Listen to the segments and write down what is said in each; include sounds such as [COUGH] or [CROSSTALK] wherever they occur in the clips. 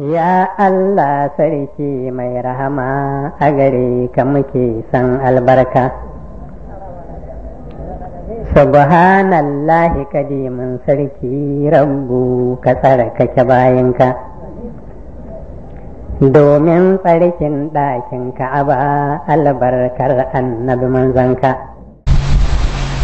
Ya Allah sarki mai rahama a gare ka muke san albarka. Subhanallahi kadimin sarki rabbu ka tsara kake bayanka. Domin tsarkin ɗakin ka'aba albarkar annabi manzanka.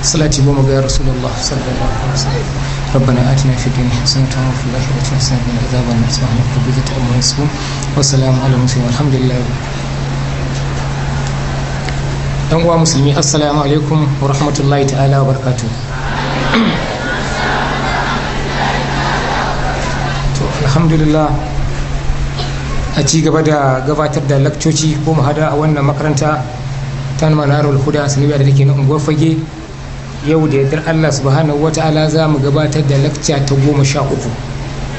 Salati goma ga Rasulullah sallallahu alaihi wasallam. ربنا آتنا في الدنيا حسنة وفي الآخرة حسنة من عذاب النار سبحان ربك بذات أمر يصفون والسلام على المسلمين والحمد لله dan uwa مسلمي السلام عليكم ورحمة الله تعالى وبركاته الحمد لله a ci gaba da gabatar da lakcoci ko mahada a wannan makaranta ta manarul huda sanibiyar da take na unguwar fage yau da yadda allah subhanahu wa ta'ala za mu gabatar da lakca ta goma sha uku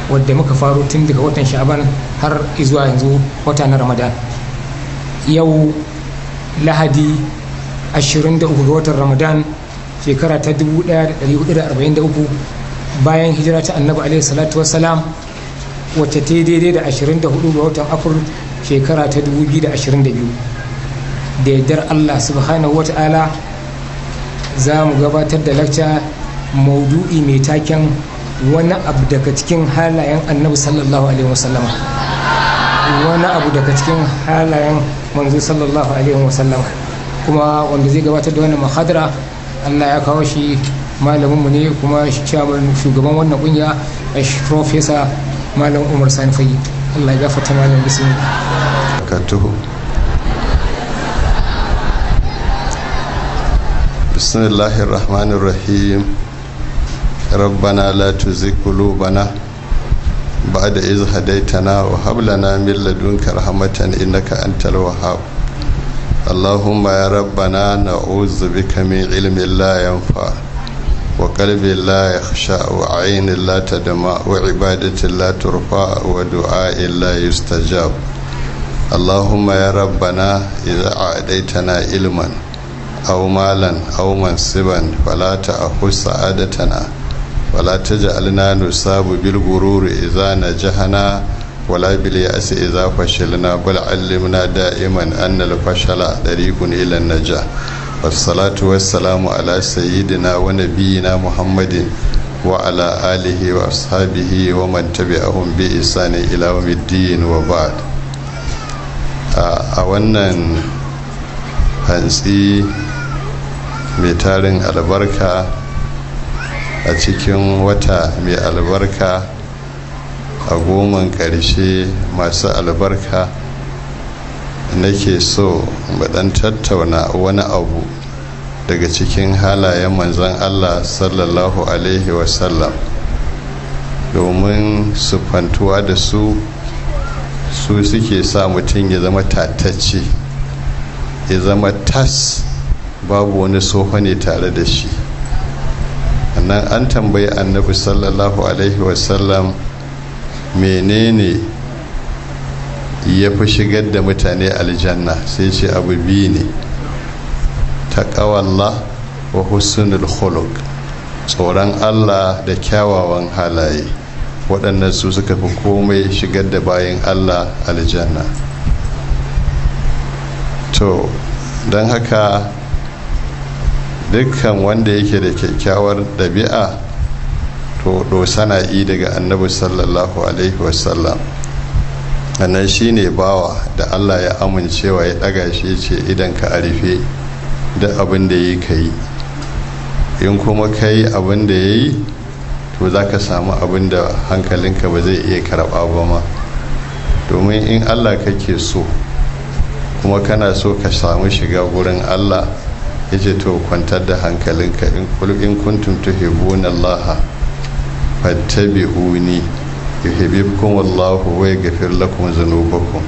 wadda muka faro tun daga watan sha'aban har zuwa yanzu wata na ramadan yau lahadi 23 ga watan ramadan shekara ta 1443 bayan hijira ta annabi alaihi salatu salam wacce ta daidai da 24 ga watan afir shekara ta 2022 da yadda allah subhanahu wa ta'ala za mu gabatar da lakca maudu'i mai taken wani abu daga cikin halayen annabi sallallahu alaihi wasallama wani abu daga cikin halayen manzo sallallahu alaihi wasallama kuma wanda zai gabatar da wannan mahadara allah ya kawo shi malaminmu ne kuma shugaban wannan kungiya profesa malam umar sanifayi allah ya gafarta malam bismillah بسم الله الرحمن الرحيم ربنا لا تزغ قلوبنا بعد إذ هديتنا وهب لنا من لدنك رحمة إنك أنت الوهاب اللهم يا ربنا نعوذ بك من علم لا ينفع وقلب لا يخشى وعين لا تدمع وعبادة لا ترفع ودعاء لا يستجاب اللهم يا ربنا إذا أعديتنا علما au malan auman siban fala ta aku sa'adatana wala ta ja'alna nusabu bil gururi idza najahana wala bil ya'si idza fashalna bal allimna da'iman anna al fashala tariqun ila an najah was salatu was salamu ala sayyidina wa nabiyyina muhammadin wa ala alihi wa ashabihi wa man tabi'ahum bi isani ila yawmiddin wa a wannan hantsi mai tarin albarka a cikin wata mai albarka a goma ƙarshe masu albarka nake so dan tattauna wani abu daga cikin halayen manzan allah sallallahu alaihi wasallam domin su fantuwa da su su suke sa mutum ya zama tatacce ya zama tas babu wani sofa ne tare da shi annan an tambayi annabi sallallahu alaihi wasallam menene ya fi shigar da mutane aljanna sai ce abu biyu ne taƙawalla wa husnul khuluq tsoron allah da kyawawan halaye waɗannan su suka fi komai shigar da bayan allah aljanna to don haka dukkan wanda yake da kyakkyawar ɗabi'a to do dosana'i daga annabi sallallahu alaihi wasallam annan shi ne bawa da allah ya amincewa ya daga shi ce idan ka arife duk abin da ya yi ka yi in kuma ka yi abin da ya yi to za ka samu abin da hankalinka ba zai iya karɓa ba ma domin in allah kake so kuma kana so ka samu shiga gurin allah yace to kwantar da hankalinka in kul in kuntum tuhibbuna Allah fattabi'uni yuhibbukum wallahu wa yaghfir lakum dhunubakum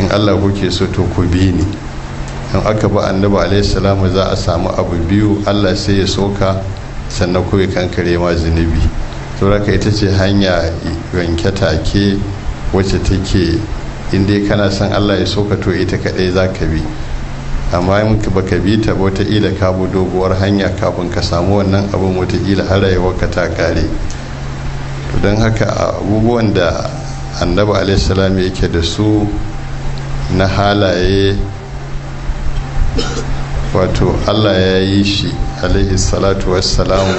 in Allah kuke so to ku bi ni in aka ba annabi alaihi salamu za a samu abu biyu Allah sai ya soka sannan ku yi kankare ma zunubi saboda ita ce hanya wanke take wacce take inda dai kana san Allah ya soka to ita kadai za ka bi amma in baka bi ta wataƙila ka bu doguwar hanya kafin ka samu wannan abin wataƙila har rayuwarka ta kare don haka abubuwan da annabi alaihissalam yake da su na halaye wato allah ya yi shi alaihissalatu wassalam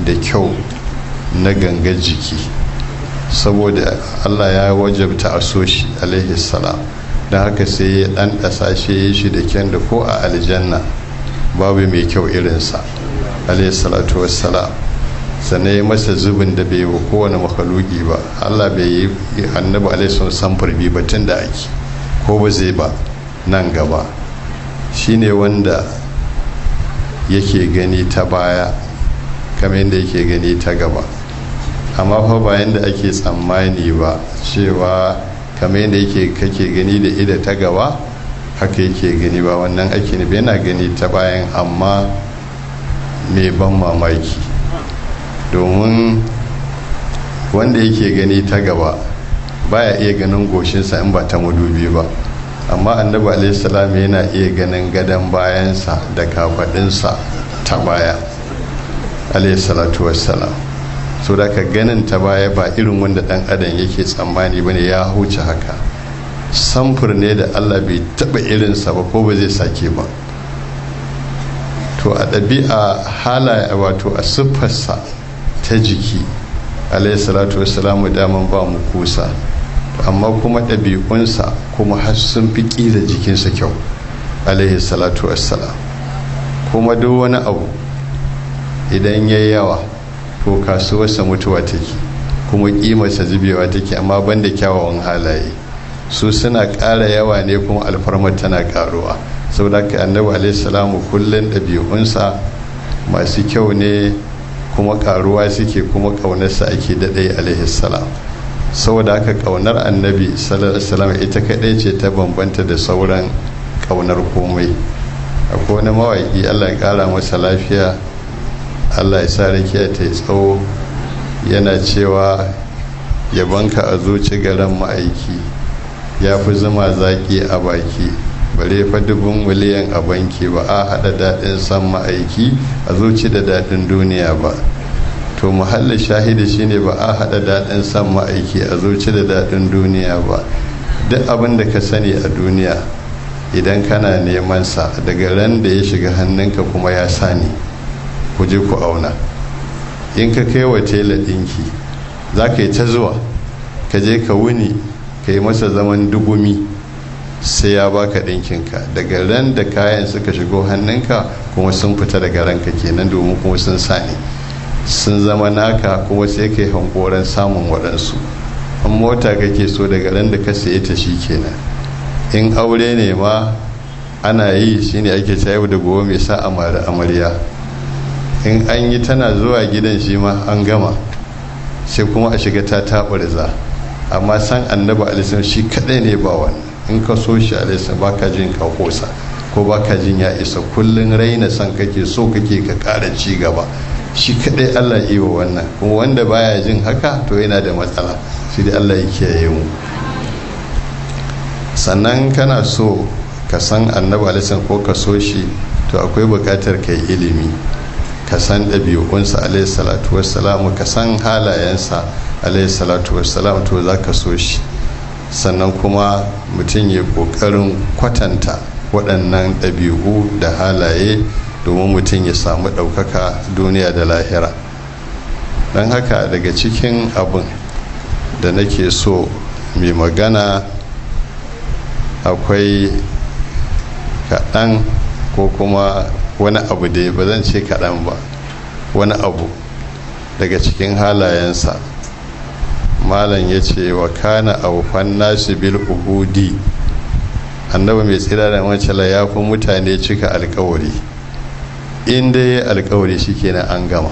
da kyau na gangar jiki saboda allah ya wajabta asoshi so shi don haka sai ya ɗan ɗasa shi shi da kyan da ko a aljanna babu mai kyau irinsa alayhi salatu wassalam sannan ya masa zubin da bai wa kowane makaluki ba allah bai yi annabi alaihi samfur bi batun da ake ko ba zai ba nan gaba shine wanda yake gani ta baya kamar yadda yake gani ta gaba amma fa bayan da ake tsammani ba cewa kamar yadda yake kake gani da ida ta gaba haka yake gani ba wannan ake nufi yana gani ta bayan amma mai ban mamaki domin wanda yake gani ta gaba baya iya ganin goshinsa in ba ta madubi ba amma annabi alaihissalam yana iya ganin gadon bayansa da kafaɗinsa ta baya alaihissalatu wassalam so da ka ganin ta baya ba irin wanda dan adam yake tsammani ba ne ya huce haka samfur ne da allah bai taba irinsa ba ko ba zai sake ba to a ɗabi'a halaye wato a siffarsa ta jiki salatu wasalamu daman ba mu kusa amma kuma ɗabi'unsa kuma har sun fi da jikinsa kyau salatu wasalam kuma duk wani abu idan ya yawa ko kasuwarsa mutuwa take kuma ƙimarsa zubewa take amma banda kyawawan halaye su suna ƙara yawa ne kuma alfarmar tana ƙaruwa saboda ka annabi alaihi kullum ɗabi'unsa masu kyau ne kuma ƙaruwa suke kuma ƙaunarsa ake daɗe alaihi salam saboda haka ƙaunar annabi sallallahu ita kaɗai ce ta bambanta da sauran ƙaunar komai akwai wani mawaƙi allah ya ƙara masa lafiya allah ya isa rakiya ta yi tsawo yana cewa yabanka a zuci garan ma'aiki ya fi zama zaƙi a baki bare fa dubin miliyan a banki ba a haɗa daɗin san ma'aiki a zuci da daɗin duniya ba to muhallin shahidi shine ba a haɗa daɗin san ma'aiki a zuci da daɗin duniya ba duk abin da ka sani a duniya idan kana neman sa daga ran da ya shiga hannunka kuma ya sani kuje ku auna in ka kai wa tela ɗinki za ka yi ta zuwa ka je ka wuni ka yi masa zaman dugumi sai ya baka ɗinkinka daga ran da kayan suka shigo hannunka kuma sun fita daga ranka kenan domin kuma sun sani sun zama naka kuma sai ka yi hankoran samun waɗansu an mota ke so daga ran da ka saye ta shi kenan in aure ne ma ana yi shine ake cewa da gobe mai sa amarya in an yi tana zuwa gidan shi ma an gama sai kuma a shiga ta taɓarza amma san annaba alisan shi kadai ne ba wannan in ka so shi alisan ba ka jin ka kosa ko ba ka jin ya isa kullum raina san kake so kake ka ƙara ci gaba shi kadai allah wa wannan kuma wanda baya jin haka to yana da matsala shi da allah ya kiyaye mu sannan kana so ka san annabi alisan ko ka so to akwai buƙatar ka yi ilimi ka san ɗabi'unsa alayhi salatu wassalamu ka san halayensa alayhi salatu wassalamu to za ka so shi sannan kuma mutum ya ƙoƙarin kwatanta waɗannan ɗabi'u da halaye domin mutum ya samu ɗaukaka duniya da lahira don haka daga cikin abin da nake so mai magana akwai kaɗan ko kuma wani abu da ba zan ce kaɗan ba wani abu daga cikin halayensa malam ya ce wa kana aufan nasu bil uhudi Annaba mai tsira da wancan ya fi mutane cika alkawari inda ya alkawari na an gama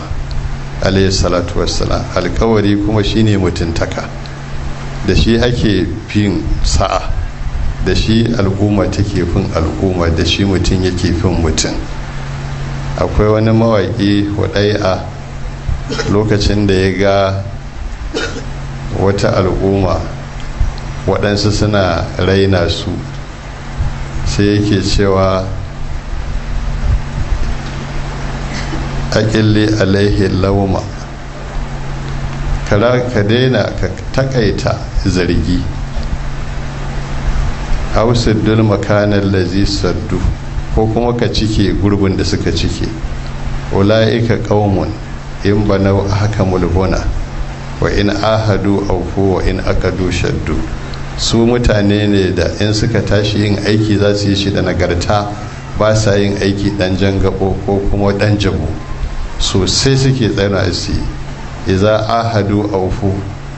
alayhi salatu wassalam alkawari kuma shine mutuntaka da shi ake fin sa'a da shi al'umma take fin al'umma da shi mutum yake fin mutum akwai wani mawaƙi hudai'a lokacin da ya ga wata al'umma waɗansu suna raina su sai yake cewa aƙilli alaihi lauma ka daina ka takaita zargi hausa dulmakanin lazi saddu ko kuma ka cike gurbin da suka cike ula'ika qaumun in banau haka mulbuna wa in ahadu aufu wa in akadu shaddu su mutane ne da in suka tashi yin aiki za su yi shi da nagarta ba sa yin aiki dan jangabo ko kuma dan jabo sosai suke tsara su yi iza ahadu aufu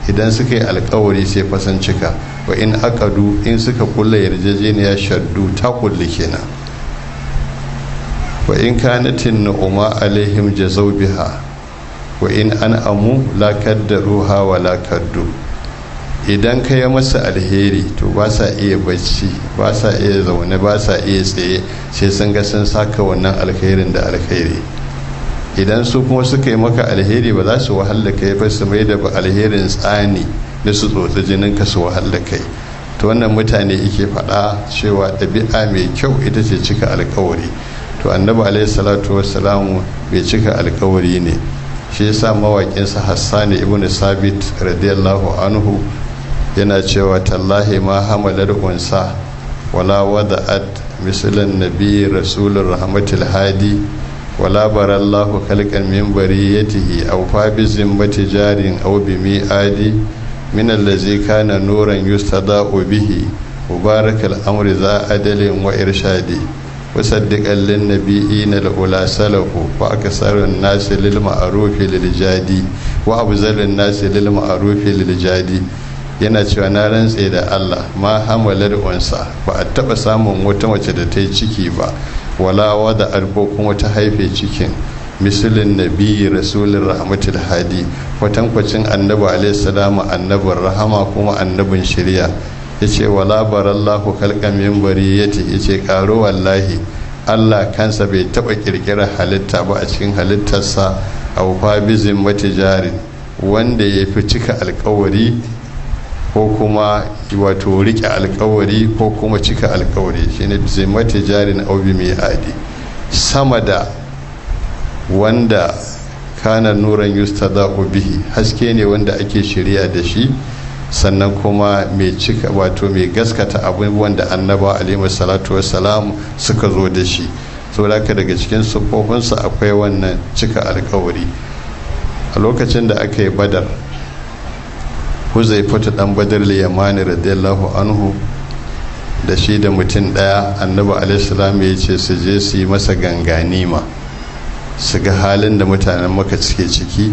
idan suka yi alkawari sai fasan cika wa in akadu in suka kulle yarjejeniya shaddu ta kulle kenan wa in kanatin na'uma alaihim jazau biha wa in an amu da ruha wa la idan ka yi masa alheri to ba sa iya bacci ba sa iya zaune ba sa iya tsaye sai sun ga sun saka wannan alkhairin da alkhairi idan su kuma suka yi maka alheri ba za su wahala kai ba su mai da alherin tsani na su tsotsi jinin ka su wahala kai to wannan mutane ike faɗa cewa ɗabi'a mai kyau ita ce cika alkawari to annabi alaihi salatu wassalamu bai cika alkawari ne shi yasa mawaƙinsa hassan ibn sabit radiyallahu anhu yana cewa tallahi ma hamalar unsa wala wada'at misalan nabi rasulur rahmatil hadi wala barallahu kalkan min bariyatihi aw fa bi zimmati jarin aw bi mi'adi min allazi kana nuran yustada'u bihi mubarakal amri za adalin wa irshadi وصدق للنبيين الأولى al-ula الناس للمعروف للجادي nas الناس للمعروف للجادي yana cewa na rantse da Allah ma hamalar unsa ba a taba samun wata mace da ta yi ciki ba wala wada arko kuma ta haife cikin misalin nabi rasulun rahmatul hadi kwatankwacin annabi alaihi salamu annabin rahama kuma annabin shirya ya ce wala barallahu kalkan mimbari ya ce ya ce wallahi allah kansa bai taɓa ƙirƙirar halitta ba a cikin halittarsa a wafabizin matijarin wanda ya fi cika alkawari ko kuma wato rike alkawari ko kuma cika alkawari shine zai matijarin aubi mai hadi sama da wanda kana nuran yustada'u bihi haske ne wanda ake shirya da shi sannan kuma mai cika wato mai gaskata abubuwan da annaba alaihi salatu salamu suka zo da shi so daka daga cikin siffofinsa akwai wannan cika alkawari a lokacin da aka yi badar fata dan badar liyamani radiyallahu anhu da shi da mutum daya annabi alaihissalam ya ce su je su yi masa ganganima su ga halin da mutanen maka suke ciki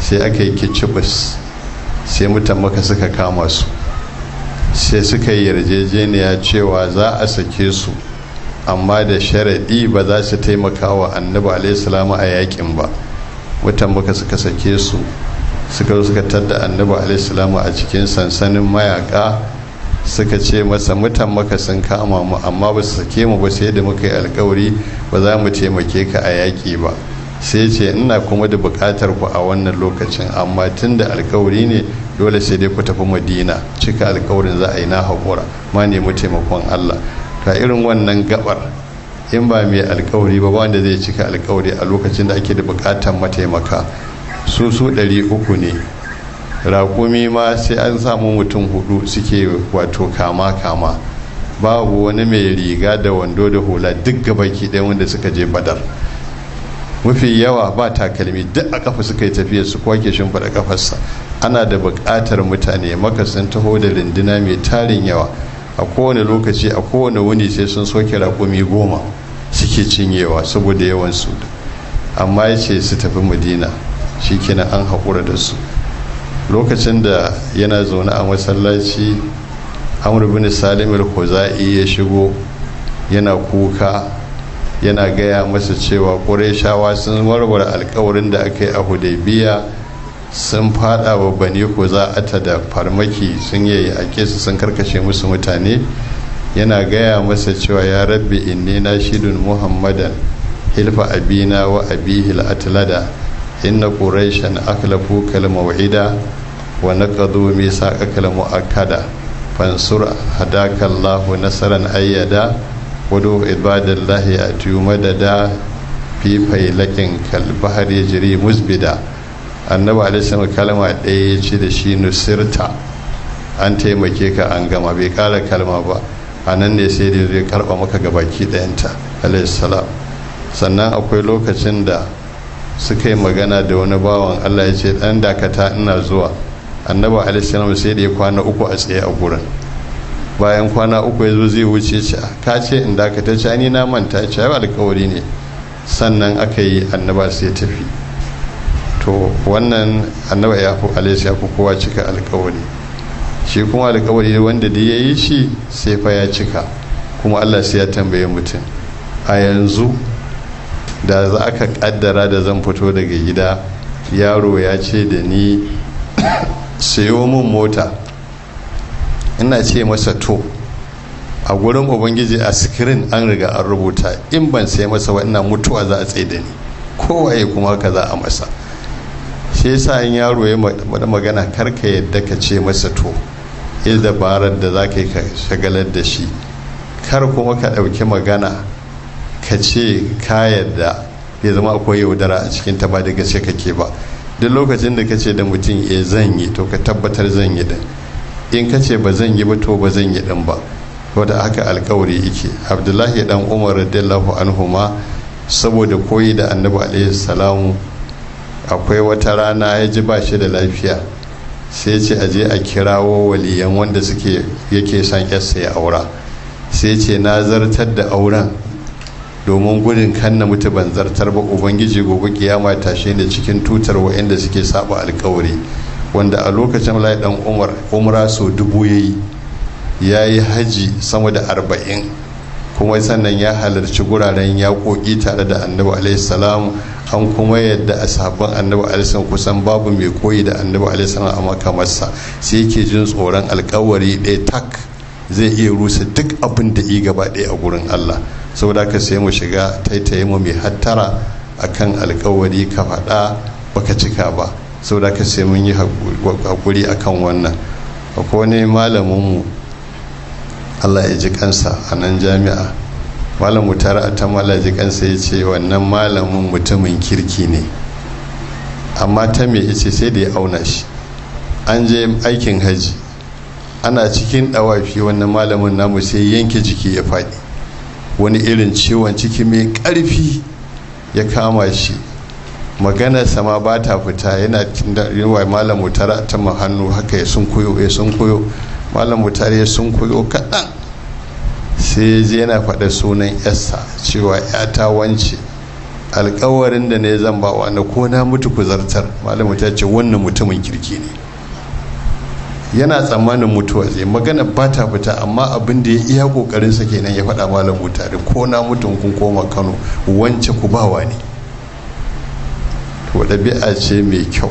sai aka yi kicibus sai mutan maka suka kama su sai suka yi yarjejeniya cewa za a sake su amma da sharaɗi ba za su taimaka wa annabi alaihissalama a yakin ba mutan maka suka sake su suka zo suka tadda annabi alaihissalama a cikin sansanin mayaka suka ce masa mutan maka sun kama mu amma ba su sake mu ba sai da muka yi alkawari ba za mu taimake ka a yaƙi ba sai ce ina kuma da bukatar ku a wannan lokacin amma tun da alkawari ne dole sai dai ku tafi madina cika alkawarin za a yi na haƙura ma nemi taimakon allah ta irin wannan gabar in ba mai alkawari ba wanda zai cika alkawari a lokacin da ake da bukatar mataimaka su su ɗari uku ne raƙumi ma sai an samu mutum hudu suke wato kama kama babu wani mai riga da wando da hula duk gabaki ɗaya wanda suka je badar mafi yawa ba takalmi duk a kafa suka yi tafiya su kwake shimfiɗa kafarsa ana da buƙatar mutane maka sun taho da lindina mai tarin yawa a kowane lokaci a kowane wuni sai sun soke raƙumi goma suke cinyewa saboda yawan su amma ya ce su tafi madina shi kina an haƙura da su lokacin da yana zaune a masallaci amur bin salim al ya shigo yana kuka yana gaya masa cewa shawa sun warware alkawarin da aka yi a hudaybiya sun fada wa bani ko za a ta da farmaki sun yi a kesa sun karkashe musu mutane yana gaya masa cewa ya rabbi inni na shidun muhammadan hilfa abina wa abihil atlada inna quraishan akla kalma maw'ida wa naqadu misaqakal mu'akkada fansur hadaka allah nasaran ayyada wadda ibadallahi a tuyu madada fi laƙin kalbahar ya jiri musbida annaba alisama kalma ɗaya ya ce da shi nusirta an taimake ka an gama bai ƙara kalma ba a nan ne sai da zai karɓa maka ga baki ɗayanta alaihissalam sannan akwai lokacin da suka yi magana da wani bawan allah ya ce ɗan dakata ina zuwa annaba alaihissalam sai da ya kwana uku a tsaye a gurin bayan kwana uku ya zo zai wuce ci ka ce in dakata ci ni na manta ci ba alkawari ne sannan aka yi annaba sai tafi to wannan annaba ya fi alaisu ya fi kowa cika alkawari shi kuma alkawari wanda da ya yi shi sai fa ya cika kuma allah sai ya tambaye mutum a yanzu da za ka kaddara da zan fito daga gida yaro ya ce da ni sayo min mota ina ce masa to a gurin ubangiji a sikirin an riga an rubuta in ban sai masa wa ina mutuwa za a tsaye da ni kowaye kuma ka za a masa shi yasa in yaro ya da magana karka yadda ka ce masa to ya dabarar da za ka yi shagalar da shi kar kuma ka ɗauki magana ka ce ka yadda ya zama akwai yaudara a cikin ta ba da gaske kake ba duk lokacin da ka ce da mutum ya eh, zan to ka tabbatar zanyi da in ka ce ba zan yi ba to ba zan yi din ba wadda haka alkawari yake abdullahi dan umar radiyallahu anhuma saboda koyi da annabi alaihi salamu akwai wata rana ya ji ba shi da lafiya sai ce aje a kirawo waliyan wanda suke yake son yarsa ya aura sai ce na zartar da auren domin gudun kan na mutu ban zartar ba ubangiji gobe kiyama tashe ne cikin tutar wa'inda suke saba alkawari wanda a lokacin layi dan Umar umra so dubu ya yi haji sama da arba'in kuma sannan ya halarci guraren yaƙoƙi tare da annabu alaihi an kuma yadda a sabon annabu alaihi kusan babu mai koyi da annabu alaihi a makamarsa sai yake jin tsoron alkawari ɗaya tak zai iya rusa duk abin da yi gaba ɗaya a gurin allah saboda ka sai mu shiga taitaye mu mai hattara akan alkawari ka faɗa baka cika ba saboda ka sai mun yi hakuri akan wannan akwai ne malaminmu allah ya ji kansa a nan jami'a malam ta atamala ji kansa ya ce wannan malamin mutumin kirki ne amma ta me ya sai da ya auna shi an je aikin haji ana cikin dawafi wannan malamin namu sai yanke jiki ya faɗi wani irin ciwon ciki mai ƙarfi ya kama shi maganar sama ba ta fita yana yiwa malam mutara ta hannu haka ya sun koyo ya sun koyo malam mutara ya sun koyo kaɗan sai je yana faɗa sunan yassa cewa ta wance alkawarin da ne zan ba wa na ko na mutu ku zartar malam mutara ce wannan mutumin kirki ne yana tsammanin mutuwa zai magana ba ta fita amma abin da ya iya kokarinsa kenan ya faɗa malam mutare ko na mutum kun koma kano wance ku bawa ne ɗabi'a ce mai kyau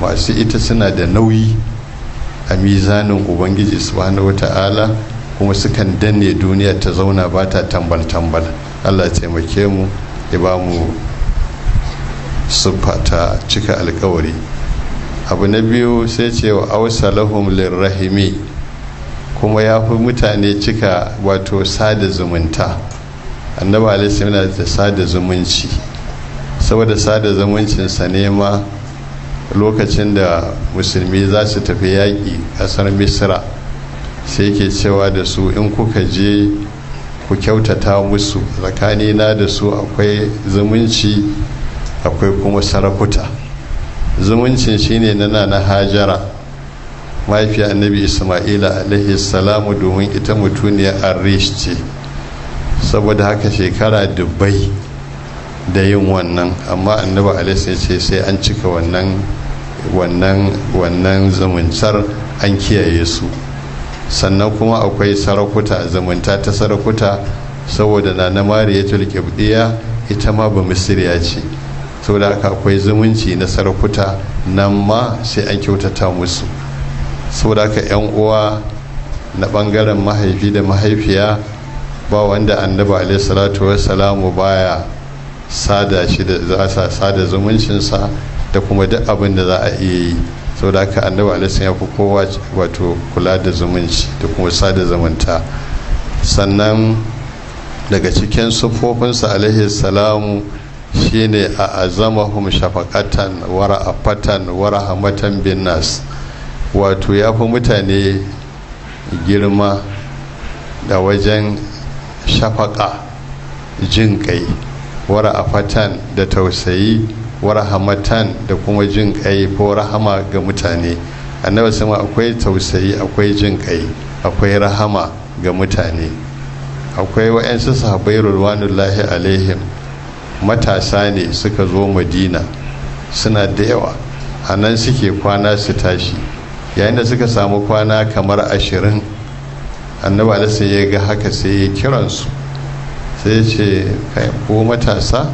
masu ita suna da nauyi a mizanin ubangiji subhanahu wata'ala kuma sukan danne duniya ta zauna ba ta tambal-tambal allah taimake mu ya ba mu siffa ta cika alkawari abu na biyu sai ce wa lahum lirrahimi kuma ya fi mutane cika wato sada zumunta annabi alaihi yana da sada zumunci saboda sada zumuncinsa nema lokacin da musulmi za su tafi yaƙi ƙasar misra sai ke cewa da su in kuka je ku kyautata musu tsakanina da su akwai zumunci akwai kuma sarakuta zumuncin shine nana na hajara mahaifiyar annabi isma'ila alaihi salamu domin ita mutuniya arish ce saboda haka shekara dubbai da yin wannan amma annaba alaihi ya ce sai an cika wannan wannan wannan zumuncar an kiyaye su sannan kuma akwai sarakuta zumunta ta sarakuta saboda na na tulke kibdiya ita ma ba misiriya ce Sau da haka akwai zumunci na sarakuta nan ma sai an kyautata musu Sau da haka yan uwa na bangaren mahaifi da mahaifiya ba wanda annabi alaihi salatu salamu baya sada shi da za sa sada zumuncinsa da kuma duk abin da za a iya yi sau da aka annabi alaihi ya fi kowa wato kula da zumunci da kuma sada zumunta sannan daga cikin sufofinsa alaihi salamu ne a azamahum shafakatan fatan ra'afatan wara rahmatan bin nas wato ya fi mutane girma da wajen shafaka jin kai warafatan da tausayi warahamatan da kuma jin kai ko rahama ga mutane annabi sama akwai tausayi akwai jin kai akwai rahama ga mutane akwai wa'yansu sahabbai rulwanullahi alaihim matasa ne suka zo madina suna da yawa a nan suke kwana su tashi yayin da suka samu kwana kamar ashirin annabi alasa ya ga haka sai ya kiransu sai ce kai ko matasa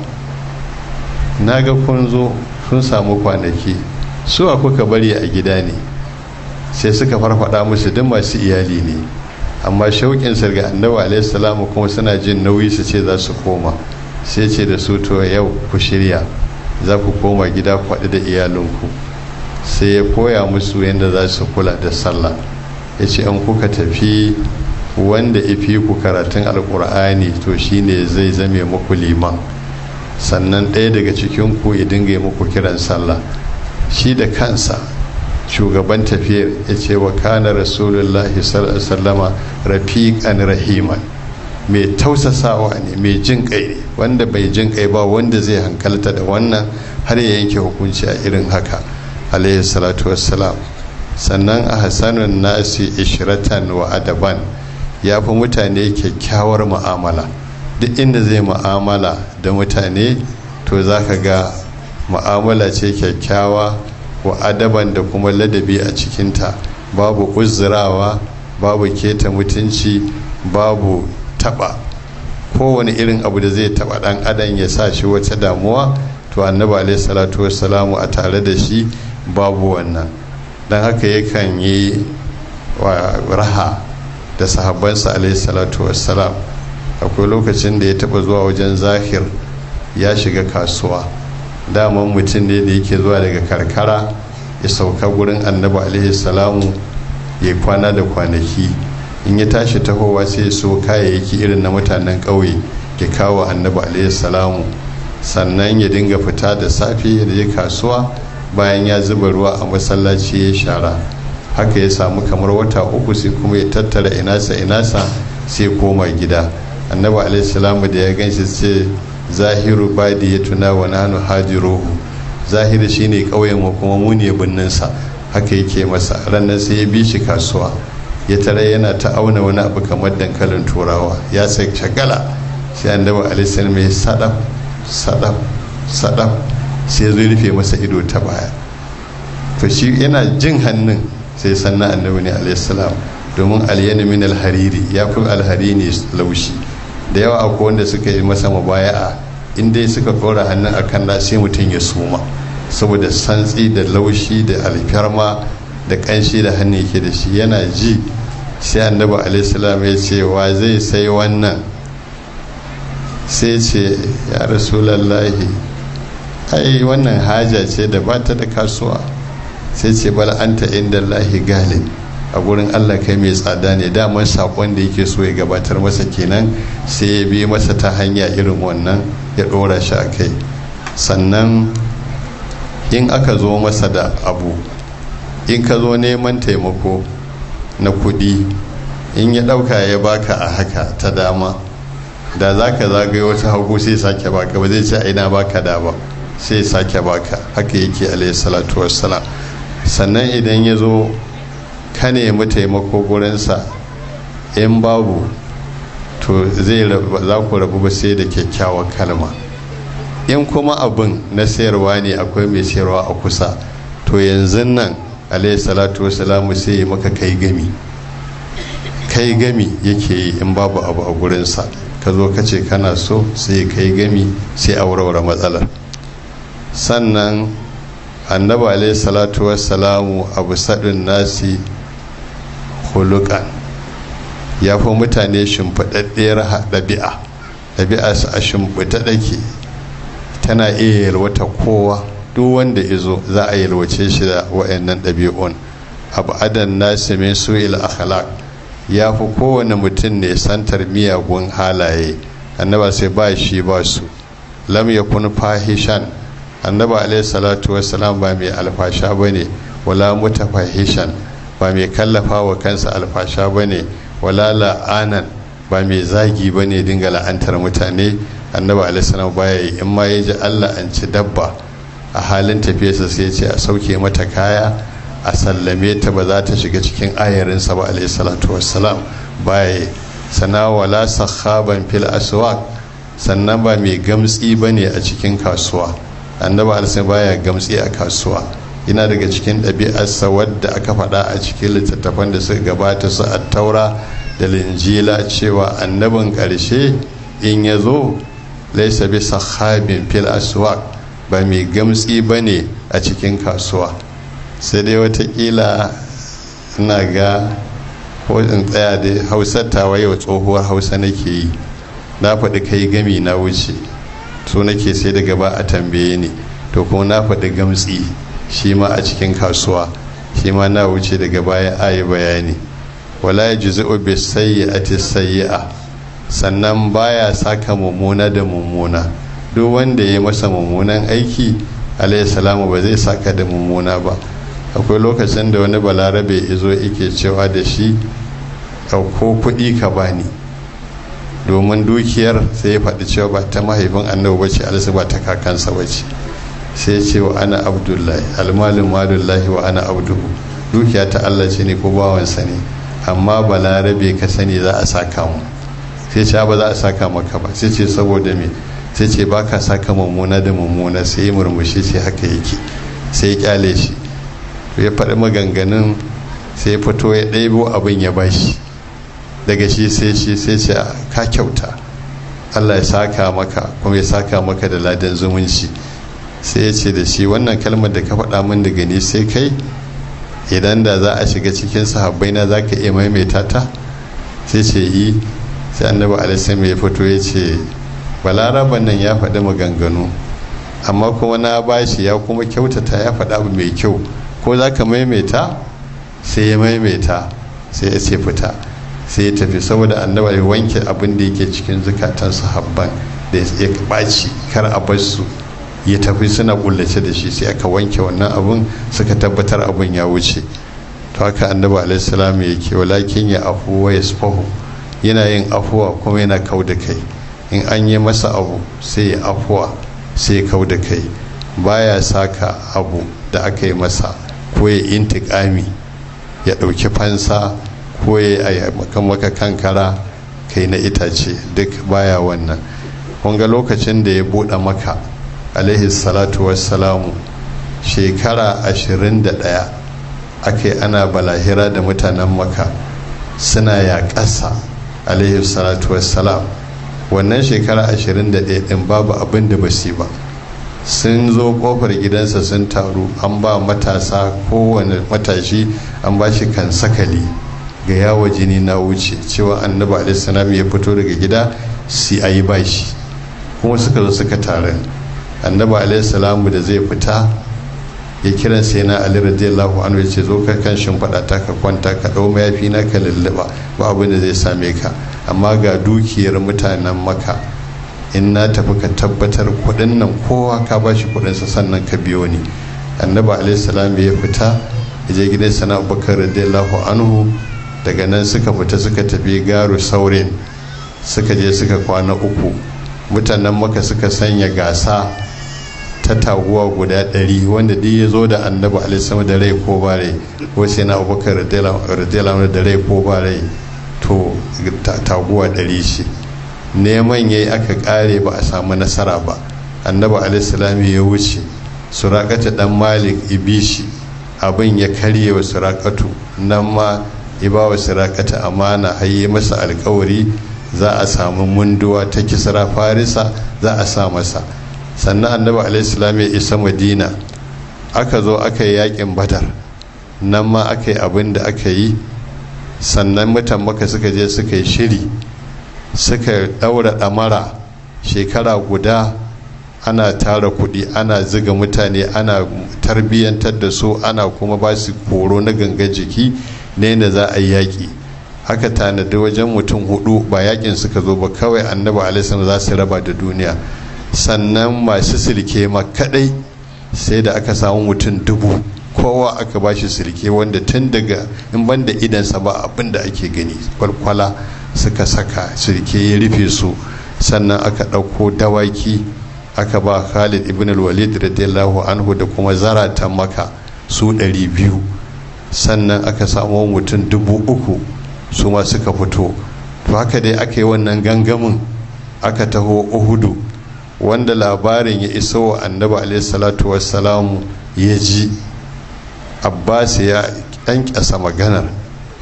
na ga kun zo kun samu kwanaki su a kuka bari a gida ne sai suka farfada musu duk masu iyali ne amma shauƙin ga annabi alaihi salamu kuma suna jin nauyi su ce za su koma sai ce da su to yau ku shirya za ku koma gida ku da iyalinku sai ya koya musu yadda za su kula da sallah ya ce an kuka tafi wanda ifi ku karatun alkur'ani to shine zai zame muku liman sannan ɗaya daga cikin ku ya dinga yi muku kiran sallah shi da kansa shugaban tafiyar ya ce wa kana rasulullahi sallama rafiqan rahiman mai tausasawa ne mai jin kai ne wanda bai jin kai ba wanda zai hankalta da wannan har ya yanke hukunci a irin haka alaihi salatu wassalam sannan a hassanun nasi ishiratan wa adaban ya fi mutane kyakkyawar ma'amala duk inda zai ma'amala da mutane to za ka ga ma'amala ce kyakkyawa wa adaban da kuma ladabi a cikinta babu uzurawa babu keta mutunci babu taba kowane irin abu da zai taba dan adam ya sa shi wata damuwa to annabi alaihi salatu wassalamu a tare da shi babu wannan don haka yakan yi raha da sahabbansa alaihi salatu wassalam akwai lokacin da ya taba zuwa wajen zahir ya shiga kasuwa daman mutum ne da yake zuwa daga karkara ya sauka gurin annabi alaihi ya kwana da kwanaki in ya tashi tahowa sai ya so kayayyaki irin na mutanen ƙauye ya kawo annabi alaihi sannan ya dinga fita da safe da ya kasuwa bayan ya zuba ruwa a masallaci ya shara haka ya samu kamar wata uku sai kuma ya tattara inasa inasa sai koma gida annabi alaihissalamu da ya ganshi sai zahiru badi ya tuna wa nanu rohu zahiru shine kauyen mu kuma mu ne binnin haka haka yake masa ranar sai ya bi shi kasuwa ya tara yana ta auna wani abu kamar dankalin turawa ya sai shagala sai annabi alaihissalamu ya sadaf sadaf sadaf sai ya rufe masa ido ta baya to shi yana jin hannun sai sannan annabi ne alayhi salam domin alyani min alhariri ya fi alhari ne laushi da yawa akwai wanda suka yi masa mabaya'a in dai suka kora hannun akan na sai mutum ya suma saboda santsi da laushi da alfarma da kanshi da hannu yake da shi yana ji sai annabi salam ya ce wa zai sai wannan sai ce ya rasulallahi ai wannan haja ce da ba ta da kasuwa sai ce bala'anta anta inda lahi galin a gurin allah kai mai tsada ne damar sakon da yake so ya gabatar masa kenan sai ya bi masa ta hanya irin wannan ya ɗora shi a kai sannan in aka zo masa da abu in ka zo neman taimako na kudi in ya ɗauka ya baka a haka ta dama da za ka zagaye wata hagu sai sake baka ba zai ce ina baka da ba sai sake baka haka yake alaihi salatu wassalam sannan idan ya zo ka nemi taimako gurinsa in babu to zai za ku rabu ba sai da kyakkyawan kalma in kuma abin na sayarwa ne akwai mai sayarwa a kusa to yanzu nan alayhi salatu wasalamu sai maka kai gami kai gami yake yi in babu abu a gurinsa ka zo ka ce kana so sai kai gami sai a matsalar sannan annabi alaihi salatu wassalamu abu sadin nasi hulukan ya fi mutane shimfiɗaɗɗiyar ɗabi'a ɗabi'a su a shimfiɗa ɗake tana iya yalwata kowa duk wanda izo za a yalwace shi da wa'annan ɗabi'un abu adan nasi min su akhlaq ya fi kowane mutum ne santar miyagun halaye annaba sai ba shi ba su lam yakun fahishan annabi alaihi salatu wassalam ba mai alfasha ba ne wala mutafahishan ba mai kallafa wa kansa alfasha ba ne wala la'anan ba mai zagi ba ne dinga la'antar mutane annabi alaihi salam ya yi in ma ya ji Allah an ci dabba a halin tafiyarsa sai ya ce a sauke mata kaya a sallame ta ba za ta shiga cikin ayarinsa ba alaihi salatu ba ya yi sana wala sahaban fil aswak sannan ba mai gamtsi ne a cikin kasuwa annabi alisan baya gamsi a kasuwa ina daga cikin ɗabi'arsa wadda aka faɗa a cikin littattafan da suka gabata su a taura da linjila cewa annabin ƙarshe in ya zo laisa bi sahabin fil aswaq ba mai gamsi ba ne a cikin kasuwa sai dai watakila na ga ko in tsaya da hausar tawaye tsohuwar hausa nake yi na faɗi kai gami na wuce so nake sai daga ba a tambaye ni to kuma na faɗi gamtsi shi ma a cikin kasuwa shi ma na wuce daga baya a yi bayani wala ya ji zuɓa ti sayi a sannan baya saka mummuna da mummuna duk wanda ya masa mummunan aiki salamu ba zai saka da mummuna ba akwai lokacin da wani balarabe izo ike cewa da shi ɗauko kuɗi ka bani domin dukiyar sai ya faɗi cewa ba ta mahaifin annabi ba ce alisu ba ta kakansa ba ce sai ce wa ana abdullahi almalin malullahi wa ana abduhu dukiya ta allah ce ne ko bawansa ne amma larabe ka sani za a saka mu sai ce ba za a saka maka ba sai ce saboda me sai ce ba ka saka mummuna da mummuna sai ya murmushi sai haka yake sai ya kyale shi ya faɗi maganganun sai ya fito ya ɗaibo abin ya bashi daga shi sai shi sai ce ka kyauta allah ya saka maka kuma ya saka maka da ladan zumunci sai ya ce da shi wannan kalmar da ka faɗa min daga ni sai kai idan da za a shiga cikin sahabbai na za ka iya maimaita ta sai ce yi sai annabi alaihi ya fito ya ce balaraban nan ya faɗi maganganu amma kuma na bashi ya kuma kyautata ya faɗa abu mai kyau ko za ka maimaita sai ya maimaita sai ya ce fita sai ya tafi saboda annaba ya wanke abin da yake cikin zukatan sahabban da ya ɓaci kar a bar su ya tafi suna kullace da shi sai aka wanke wannan abun suka tabbatar abin ya wuce to haka annabi alaihi ya ke walakin ya afu wa yasfahu yana yin afuwa kuma yana kau da kai in an yi masa abu sai ya afuwa sai ya kau da kai baya saka abu da aka yi masa ko ya intikami ya ɗauki fansa ko ya a maka kankara kai na itace duk baya wannan kunga lokacin da ya buɗe maka alaihi salatu wassalamu shekara 21 aka yi ana balahira da mutanen maka suna ya ƙasa alaihi salatu wassalam wannan shekara 21 ɗin babu abin da ba ba sun zo kofar gidansa sun taru an ba matasa kowane matashi an ba shi kan sakali ga yawo jini na wuce cewa annabi alaihi ya fito daga gida si a yi bashi kuma suka zo suka tare annabi alaihi da zai fita ya kiran sai na ali radiyallahu anhu ya ce zo ka kan shimfiɗa ta ka kwanta ka ɗau mayafi na ka lulluba ba abin da zai same ka amma ga dukiyar mutanen maka in na tafi ka tabbatar kuɗin nan kowa ka bashi shi sa sannan ka biyo ni annabi alaihi salam ya fita ya je gidan sana baka radiyallahu anhu daga nan suka fita suka tafi garu saurin suka je suka kwana uku mutanen maka suka sanya gasa ta taguwa guda ɗari wanda duk ya zo da annabi alisama da rai ko ba rai ko sai na abubakar radiyallahu da rai ko ba rai to taguwa ɗari shi neman yayi aka ƙare ba a samu nasara ba annabi alisalami ya wuce surakata dan malik ibishi abin ya karye wa surakatu nan ma ya ba wa sirakata amana yi masa alkawari za a samu munduwa ta kisra farisa za a sa masa sannan annabi alaihissalam ya isa madina aka zo aka yi yakin badar nan ma aka yi abin da aka yi sannan mutan maka suka je suka yi shiri suka daura damara shekara guda ana tara kudi ana ziga mutane ana tarbiyyantar da su ana kuma ba su koro na ganga jiki ne da za a yi yaƙi haka tanadi wajen mutum hudu ba yaƙin suka zo ba kawai annabi alaihi za su raba da duniya sannan masu sirke ma kadai sai da aka samu mutum dubu kowa aka bashi sirke wanda tun daga in banda idansa ba abin da ake gani kwalkwala suka saka sirke ya rufe su sannan aka ɗauko dawaki aka ba khalid ibn al-walid radiyallahu anhu da kuma ta maka su ɗari biyu sannan aka samu mutum dubu uku su ma suka fito to haka dai aka yi wannan gangamin aka taho uhudu wanda labarin ya iso wa annabi alaihi salatu wassalamu ya ji abbas ya ƙasa maganar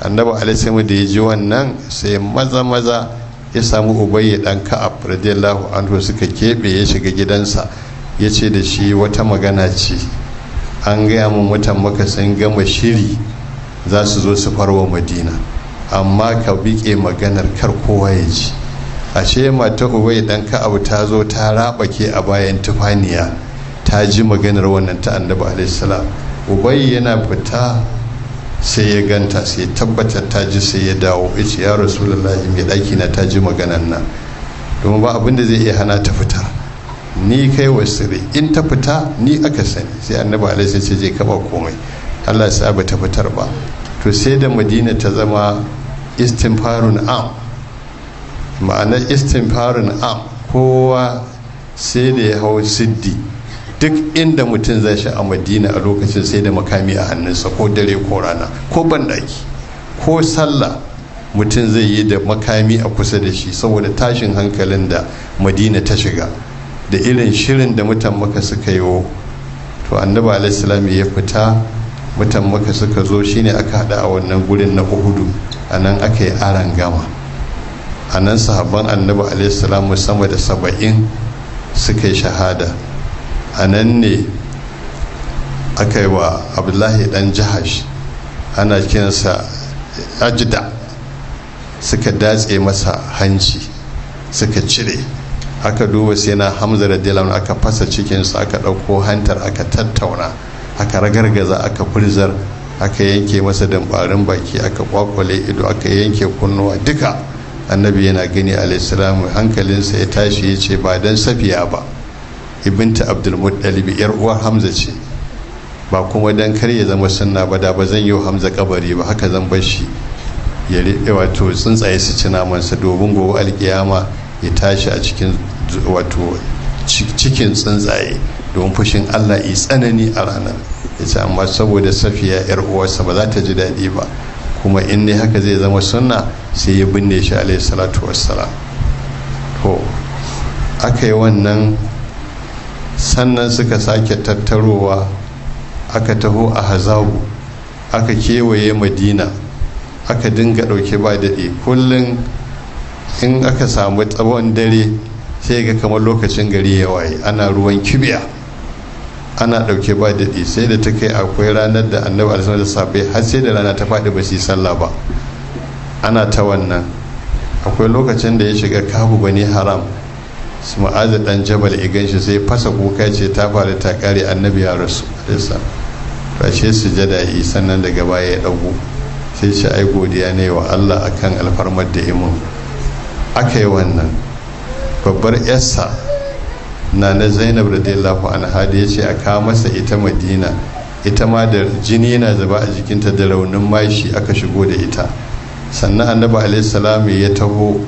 annabi alaihi da ya ji wannan sai maza maza ya samu ubayya ɗan ka'ab radiyallahu anhu suka keɓe ya shiga gidansa ya ce da shi wata magana ce an gaya min watan maka sun gama shiri za su zo su farwa madina amma ka biƙe maganar kar kowa ya ji ashe mata ubai dan abu ta zo ta rabake a bayan tufaniya ta ji maganar wannan ta annabi alaihi salam ubai yana fita sai ya ganta sai ya tabbatar ta ji sai ya dawo ya ce ya rasulullahi mai ɗaki na ta ji maganar nan domin ba abin da zai iya hana ta fita ni kai wa sirri in ta fita ni aka sani sai annabi alaihi sai ce kaba komai Allah sa ba ta fitar ba to sai da madina ta zama istinfarun am istin istinfarun am kowa sai da ya hau siddi duk inda mutum zai sha a madina a lokacin sai da makami a hannunsa ko dare ko rana ko banɗaki ko sallah mutum zai yi da makami a kusa da shi saboda tashin hankalin da madina ta shiga da irin shirin da mutan maka suka yi to annabi alaihi ya fita mutan maka suka zo shine aka hada a wannan gurin na uhudu a nan aka yi aran gama a nan sahabban annabi alaihi sama da saba'in suka yi shahada a nan ne aka yi wa abdullahi dan jahash ana kinsa ajida suka datse masa hanci suka cire aka duba sai na hamza da dilan aka fasa cikinsa aka ɗauko hantar aka tattauna aka ragargaza aka furzar aka yanke masa dambarin baki aka kwakwale ido aka yanke kunnuwa duka annabi yana gani alaihissalam hankalinsa ya tashi ya ce ba don safiya ba ibinta abdulmuttalibi yar uwar hamza ce ba kuma don kar ya zama sunna ba da ba zan yi hamza kabari ba haka zan bar shi ya wato tsuntsaye su ci namansa domin gobe alkiyama ya tashi a cikin wato cikin tsuntsaye don fushin allah yi tsanani a ranar ce amma saboda safiya yar uwarsa ba za ta ji daɗi ba kuma in ne haka zai zama sunna sai ya binne shi alaihi salatu wassalam to aka yi wannan sannan suka sake tattarowa aka taho a hazabu aka kewaye madina aka dinga ɗauke ba daɗi kullum in aka samu tsawon dare sai ga kamar lokacin gari ya waye ana ruwan kibiya ana dauke ba daɗi sai da ta kai akwai ranar da annabi alisanar da safe har sai da rana ta faɗi ba su sallah ba ana ta wannan akwai lokacin da ya shiga kabu bani haram su ma'aza dan jabal igan sai fasa kuka ce ta faru ta kare annabi ya rasu alisa shi su jada yi sannan daga baya ya ɗago sai shi ai godiya ne wa allah akan alfarmar da imun aka yi wannan babbar yarsa na na zainab radiyallahu anha da ya ce a kawo masa ita madina ita ma da jini yana zaba a jikinta da raunin mashi aka shigo da ita sannan annabi alaihi ya taho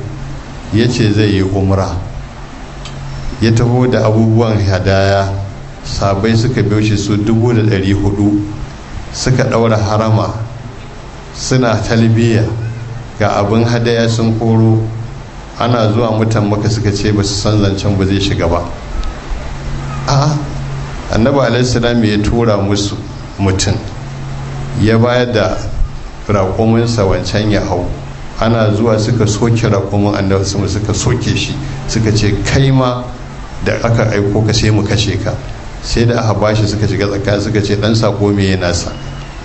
ya ce zai yi umra ya taho da abubuwan hadaya sabai suka biyo shi su dubu da ɗari hudu suka ɗaura harama suna talibiya ga abin hadaya sun koro ana zuwa mutan maka suka ce ba su san zancen ba zai shiga ba a annaba alaihissalam ya tura musu mutum ya bayar da raƙuminsa wancan ya hau ana zuwa suka soke raƙumin annabi suka soke shi suka ce kai ma da aka aiko ka sai mu kashe ka sai da aka bashi suka shiga tsakani suka ce dan sako me ya nasa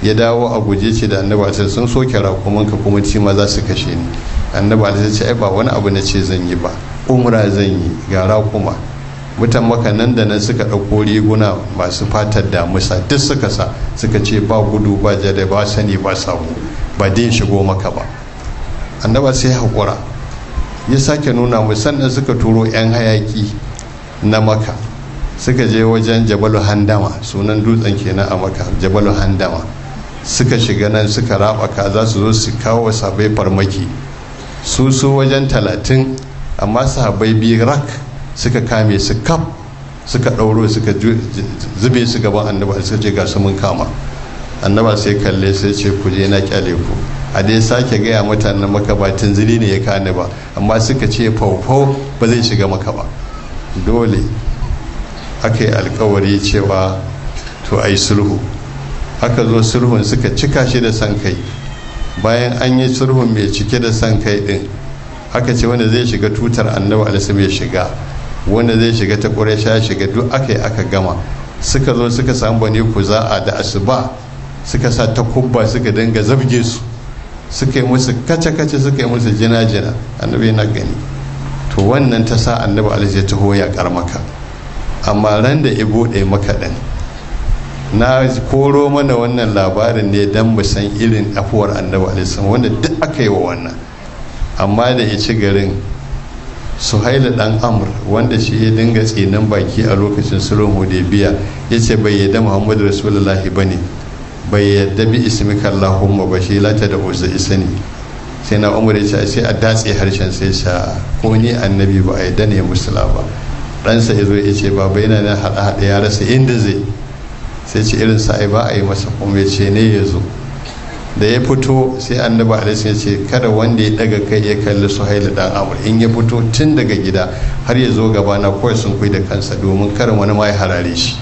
ya dawo a guje ce da annaba sun soke raƙumin ka kuma cima za su kashe ni annabi alaihi ce ai ba wani abu na ce zan yi ba umra zan yi gara kuma mutan maka nan da nan suka ɗauko riguna masu fatar da musa duk suka sa suka ce ba gudu ba jada ba sani ba samu ba din shigo maka ba annaba sai hakura ya sake nuna mu sannan suka turo 'yan hayaki na maka suka je wajen jabalu handama sunan dutsen kenan a maka jabalu handama suka shiga nan suka raba ka za su zo su kawo sabai farmaki su su wajen talatin amma sahabbai biyu rak suka kame su kaf suka ɗauro suka zube su gaban annaba suka ce ga su mun kama annaba sai kalle sai ce ku je na kyale ku a dai sake gaya mutanen maka ba zili ne ya kane ba amma suka ce faufau ba zai shiga maka ba dole aka yi alkawari cewa to ai sulhu haka zo sulhun suka cika shi da san kai bayan an yi sulhun mai cike da san kai din aka ce wanda zai shiga tutar annabi alisim mai shiga wanda zai shiga ta ƙuraisha ya shiga duk aka yi aka gama suka zo suka samu bane ku a da asuba suka sa takubba suka dinga zabge su suka yi musu kace-kace suka yi musu jina-jina annabi yana gani to wannan ta sa annabi alisim ya taho ya karmaka amma ran da ibo ɗaya maka na koro mana wannan labarin ne don mu san irin afuwar annabi alaihi wanda duk aka yi wa wannan amma da ya ci garin suhaila dan amur wanda shi ya dinga tsinan baki a lokacin sulhun hudaybiya ya ce bai yadda muhammadu rasulullahi ba ne bai yadda bi ismika allahumma ba shi lata da isa ne sai na umar ya ce ce a datse harshen sai sha ko ni annabi ba a yadda ne musula ba ɗansa ya zo ya ce ba bai na haɗa haɗe ya rasa inda zai sai ce irin sa'ai ba a yi masa kuma ya ce ne ya zo da ya fito sai annabi alaihi ya ce kada wanda ya daga kai ya kalli haila dan amur in ya fito tun daga gida har ya zo gaba na kawai sun da kansa domin karin wani ma ya harare shi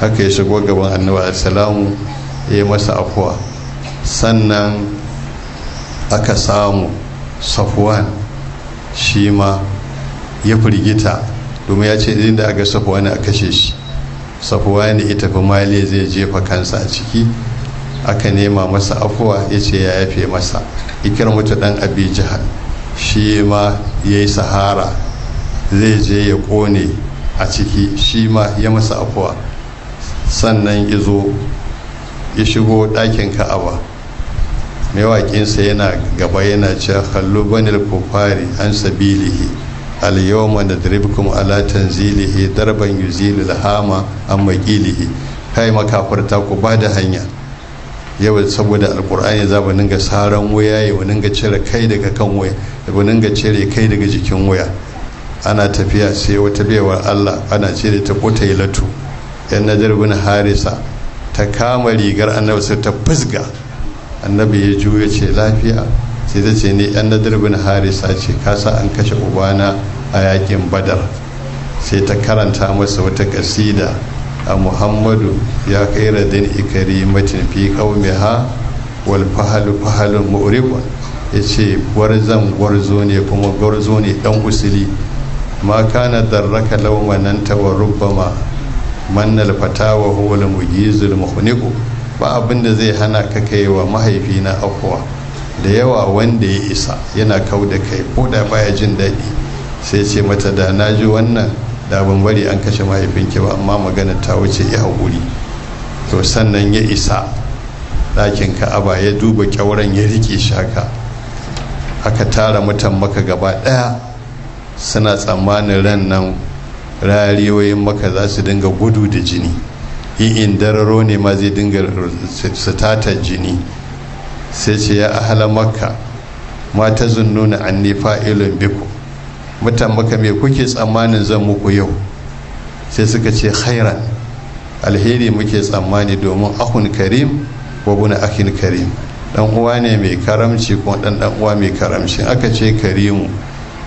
haka ya shigo gaban annabi salamu ya yi masa afuwa sannan aka samu safuwan shi ma ya firgita domin ya ce idan da aka ne a kashe shi safuwani ita fi mali zai jefa kansa a ciki aka nema masa afuwa ya ce ya yafe masa mutu dan abi jihar shi ma ya yi sahara zai je ya kone a ciki shi ma ya masa afuwa sannan ya zo ya shigo ɗakin ka'aba mawaƙinsa yana gaba yana ce kallo banil kufari an sabilihi al-yawma nadribukum ala tanzilihi darban yuzilul hama am kai makafarta ku ba da hanya yau saboda alkur'ani za mu dinga saran waya ya mu dinga cire kai daga kan waya ya mu dinga cire kai daga jikin waya ana tafiya sai wata baiwar Allah ana cire ta kota latu yan najar harisa ta kama rigar annabi sai ta fusga annabi ya juya ce lafiya sai ta ce ni yan nadir bin harisa ce kasa an kashe ubana a yakin badar sai ta karanta masa wata kasida a muhammadu ya kai radin ikari matin fi ha wal fahalu fahalu ya ce gwarzon gwarzo ne kuma gwarzo ne dan usili ma kana darraka laumananta wa rubbama mannal fatawa huwa al-mujizul ba abinda zai hana ka kai wa mahaifina afwa da yawa wanda ya isa yana kau da kai ko da baya jin daɗi sai ce mata da na ji wannan da ban bari an kashe mahaifinki ba amma magana ta wuce ya haƙuri to sannan ya isa ɗakin ka'aba ya duba ƙyauren ya riƙe shaka aka tara mutan maka gaba ɗaya suna tsammanin ran nan rariyoyin maka za su dinga gudu da jini in dararo ne ma zai dinga satatar jini sai ce ya ahala makka zun nuna an nifa fa'ilun biku mutan maka mai kuke tsammanin zan muku yau sai suka ce khairan alheri muke tsammani domin ahun karim wa buna akin karim dan uwa ne mai karamci ko dan dan uwa mai karamci aka ce karimu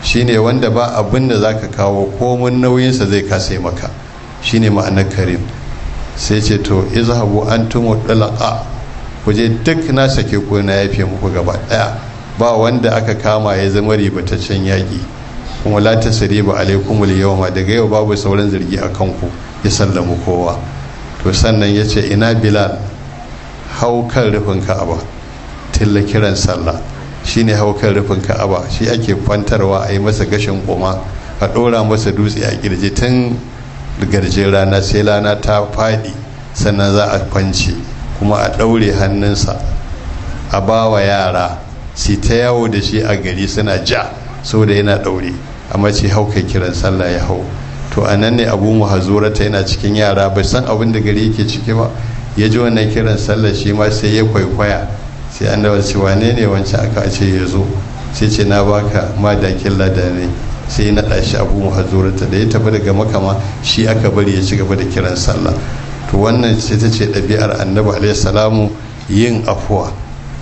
shine wanda ba abin da zaka kawo komun nauyinsa zai kasa maka shine ma'anar karim sai ce to izhabu antum dalaqa kuje duk na sake ko na yafe muku gaba daya ba wanda aka kama ya zama ribataccen yaƙi kuma la ba alaikumul yawma daga yau babu sauran zargi a kanku ya sallamu kowa to sannan ya ce ina bilal hau kan rufin ka'aba tilla kiran sallah ne hau kan rufin ka'aba shi ake kwantarwa a yi masa gashin koma a ɗora masa dutse a kirji tun garjin rana sai rana ta faɗi sannan za a kwance kuma a ɗaure hannunsa a ba wa yara si ta yawo da shi a gari suna ja da yana ɗaure amma ce hau kai kiran sallah ya hau to a nan ne abu ta yana cikin yara bai san abin da gari yake ciki ba ya ji wannan kiran sallah shi ma sai ya kwaikwaya sai an dawa ce wane ne wancan aka ce ya zo sai ce na baka madakin lada ne sai na ɗashi abu ta da ya tafi daga makama shi aka bari ya ci gaba da kiran sallah to wannan sai ta ce ɗabi'ar annabi alaihi salamu yin afuwa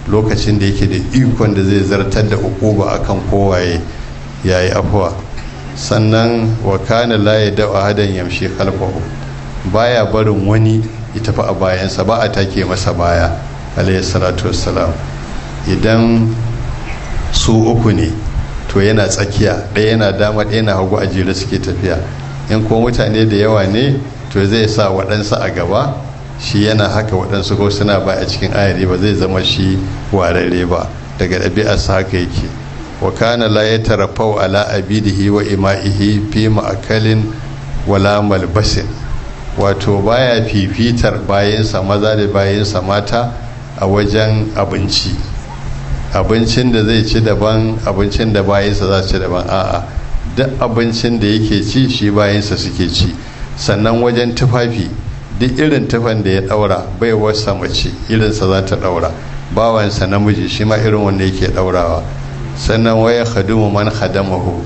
lokacin da yake da ikon da zai zartar da ukuba akan kowaye ya yi afuwa sannan wa kana la yad'u ahadan yamshi khalfahu baya barin wani ya tafi a bayansa ba a take masa baya alayhi salatu wassalam idan su uku ne to yana tsakiya ɗaya yana dama ɗaya na hagu a jere suke tafiya in ko mutane da yawa ne to zai sa waɗansu a gaba shi yana haka waɗansu ko suna ba a cikin ayari ba zai zama shi warare ba daga ɗabi'arsa haka yake wa kana la ya tarafau ala abidihi wa ima'ihi fi ma'akalin wala malbasin wato baya fifitar bayansa maza da bayansa mata a wajen abinci abincin da zai ci daban abincin da bayansa za ci daban a'a duk abincin da yake ci shi bayansa suke ci sannan wajen tufafi duk irin tufan da ya daura bai wasa mace irinsa za ta daura bawansa namiji shi ma irin wanda yake daurawa sannan waya khadumu man khadamahu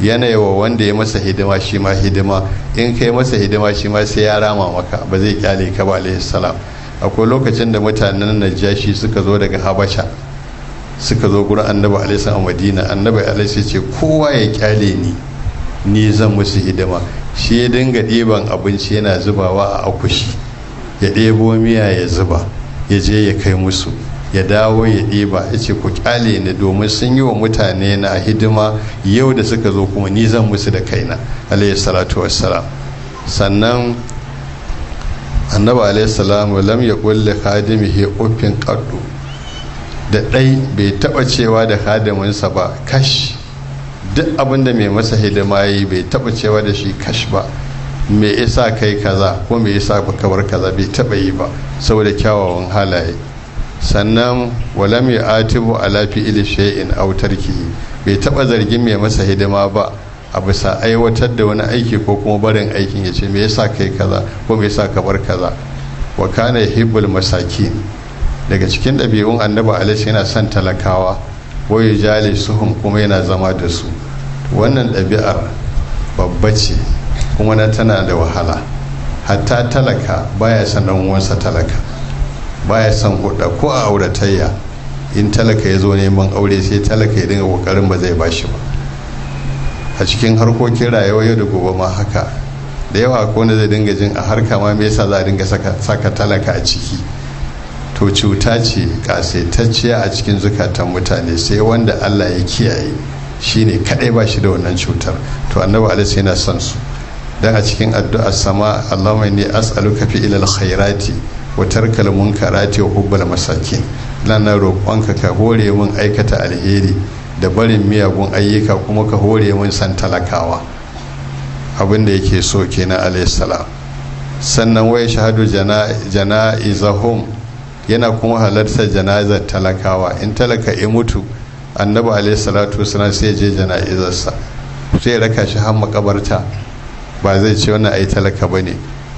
yanayi wa wanda ya masa hidima shi ma hidima in kai masa hidima shi ma sai ya rama maka ba zai kyale ka ba alaihi salam akwai lokacin da mutanen najashi suka zo daga habasha suka zo gurin annabi alaihi a madina annabi alaihi ce kowa ya kyale ni ni zan musu hidima shi ya dinga ɗiban abinci yana zubawa a akushi ya ɗebo miya ya zuba ya je ya kai musu ya dawo ya ɗeba ya ce ku kyale ni domin sun yi wa mutane na hidima yau da suka zo kuma ni zan musu da kaina salatu wassalam sannan annabi alaihi salam lam ya kulle khadimihi uffin qaddu da ɗai bai taɓa cewa da hadamunsa ba kash duk abinda mai masa hidima yi bai taɓa cewa da shi kash ba me isa kai kaza ko me isa baka kaza bai taɓa yi ba saboda kyawawan halaye sannan wala mai atibu ala in shay'in aw bai taɓa zargin mai masa hidima ba a bisa aiwatar da wani aiki ko kuma barin aikin ya ce me isa kai kaza ko me isa ka bar kaza wa kana hibbul masakin daga cikin ɗabi'un annabi alaihi yana son talakawa waye jale suhun kuma yana zama da su wannan ɗabi'ar babba ce kuma na tana da wahala hatta talaka baya son ɗan uwansa talaka baya son hudda ko a auratayya in talaka ya zo neman aure sai talaka ya dinga kokarin ba zai bashi ba a cikin harkokin rayuwa yau da gobe ma haka da yawa ko wanda zai dinga jin a harka ma me yasa za a dinga saka talaka a ciki to cuta ce kasaitacciya a cikin zukatan mutane sai wanda allah ya kiyaye shine kadai ba shi da wannan cutar to annabi alaihi yana son su Don a cikin addu'ar sama mai ne as'aluka fi ilal khairati wutar tarkal munkarati wa hubbal masakin nan na roƙonka ka hore min aikata alheri da barin miyagun ayyuka kuma ka hore min san talakawa abin da yake so kenan alayhi salam sannan wai shahadu jana'izahum yana kuma halartar jana'izar talakawa in talaka ya mutu annabi alaihi salatu suna sai je jana'izarsa sai raka shi har makabarta ba zai ce wannan ai talaka bane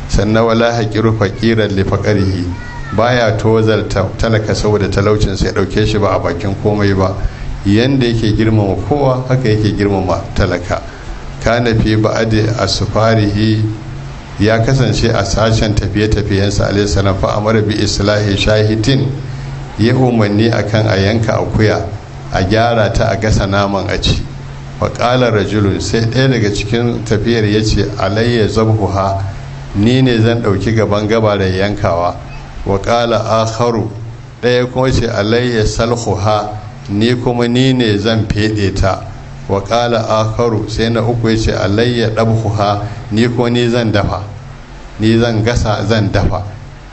sannan wala haqiru faqiran li ba baya tozarta talaka saboda talaucin sai dauke shi ba a bakin komai ba yanda yake girmama kowa haka yake girmama talaka kana fi ba'adi asfarihi ya kasance a sashen tafiye-tafiyensa alaihissalam fa amara bi islahi shahitin ya umarni a kan a yanka akuya a gyara ta a gasa naman a ci faƙala rajulun sai ɗaya daga cikin tafiyar ya ce alayya zabhuha ni ne zan ɗauki gaban gaba da yankawa waƙala akharu ɗaya kuma ce alayya salhuha ni kuma ni ne zan feɗe ta wa kala akaru sai na uku ya ce alayya ɗabhuha ni ko ni zan dafa ni zan gasa zan dafa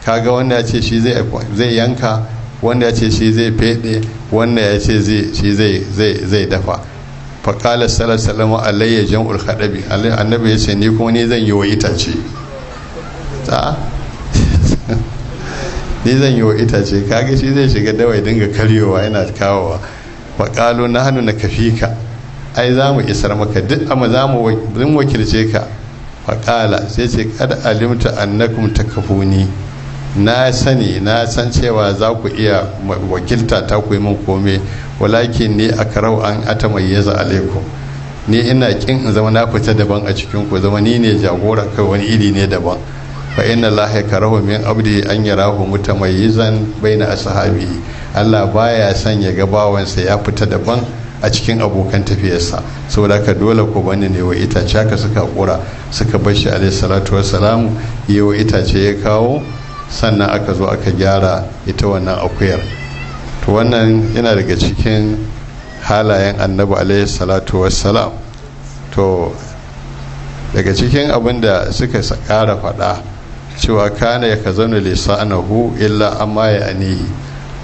kaga wanda ya ce shi zai yanka wanda ya ce shi zai feɗe wanda ya ce shi zai dafa faƙala salasalama alayya jam'ul haɗabi annabi ya ce ni ko ni zan yi wa itace ta [LAUGHS] ni zan yi wa itace kaga shi zai shiga dawai dinga karyowa yana kawowa faƙalo na hannu na kafika ai za mu isar maka duk amma za mu wakilce ka faƙala sai ce kada alimta annakum takafuni na sani na san cewa za ku iya wakilta ta ku yi min kome walakin ni a karau an ata alaikum ni ina kin in zama na fita daban a cikin ku zama ni ne jagora kai wani iri ne daban fa inna lahi karahu min abdi an yarahu mutamayyizan baina ashabi Allah baya son ya ga bawansa ya fita daban a cikin abokan tafiyarsa saboda aka dole ko bane ne wa itace haka suka kura suka bashi shi alaihi salatu wassalamu yi wa itace ya kawo sannan aka zo aka gyara ita wannan akuyar to wannan yana daga cikin halayen annabi alaihi salatu wassalam to daga cikin abin da suka kara faɗa cewa kana ya ka zaune lisanahu illa amma ya anihi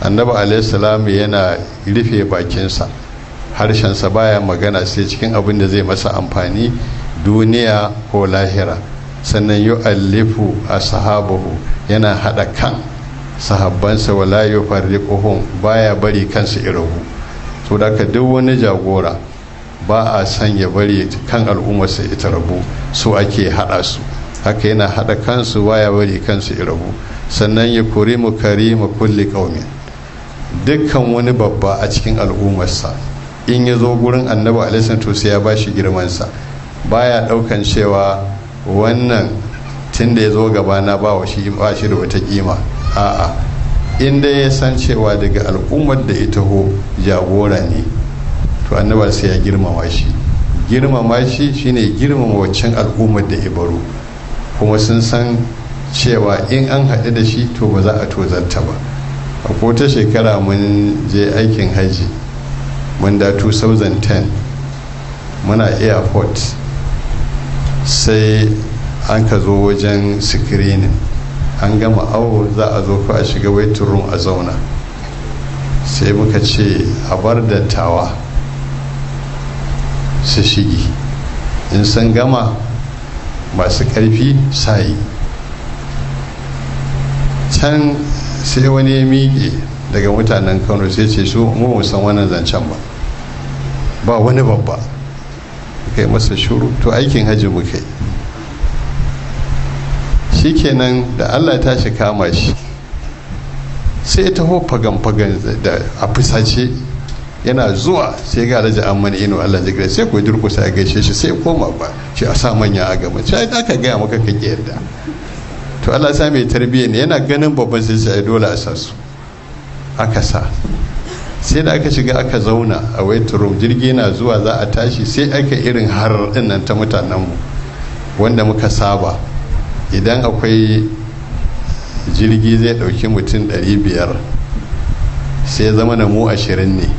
annabi alaihi salam yana rufe bakinsa harshensa baya magana sai cikin abin da zai masa amfani duniya ko lahira sannan yi alifu a sahabahu yana haɗa kan sahabbansa wala yi farriƙuhun baya bari kansu irahu to da duk wani jagora ba a san ya bari kan al'ummarsa ita rabu su ake haɗa su haka yana haɗa kansu baya bari kansu irahu sannan ya kuri mu kari mu kulli ƙaumin dukkan wani babba a cikin al'ummarsa in ya zo gurin annabi alaihi to sai ya bashi girmansa baya daukan cewa wannan tun da ya zo gaba ba shi ba shi da wata kima a'a inda ya san cewa daga al'ummar da ita ho jagora ne to annabar sai ya girmama shi girmama shi shine girmama waccan al'ummar da ibaru kuma sun san cewa in an haɗu da shi to ba za a tozarta ba a kota shekara mun je aikin hajji wanda 2010 muna airport sai an ka zo wajen screening an gama awo za a zo ko a shiga waiting room a zauna sai muka ce a bar dattawa su shigi in san gama masu karfi sayi can sai wani ya miƙe daga mutanen kano sai ce su mu san wannan zancen ba ba wani babba ka yi masa shuru to aikin hajji muka yi kenan da allah ta shi kama shi sai ta hau fagan-fagan da a fusace yana zuwa sai ga raja an mani inu allah zai sai kuwa durkusa a gaishe shi sai koma ba shi a sa manya a gaba shi ai aka gaya maka ka yarda to allah sa mai tarbiyya ne yana ganin babban sai sai dole a sa su aka sa sai da aka shiga aka zauna a waitrome jirgi na zuwa za a tashi sai aka irin har nan ta mutanenmu wanda muka saba idan akwai jirgi zai ɗauki mutum 500 sai zama na mu 20 ne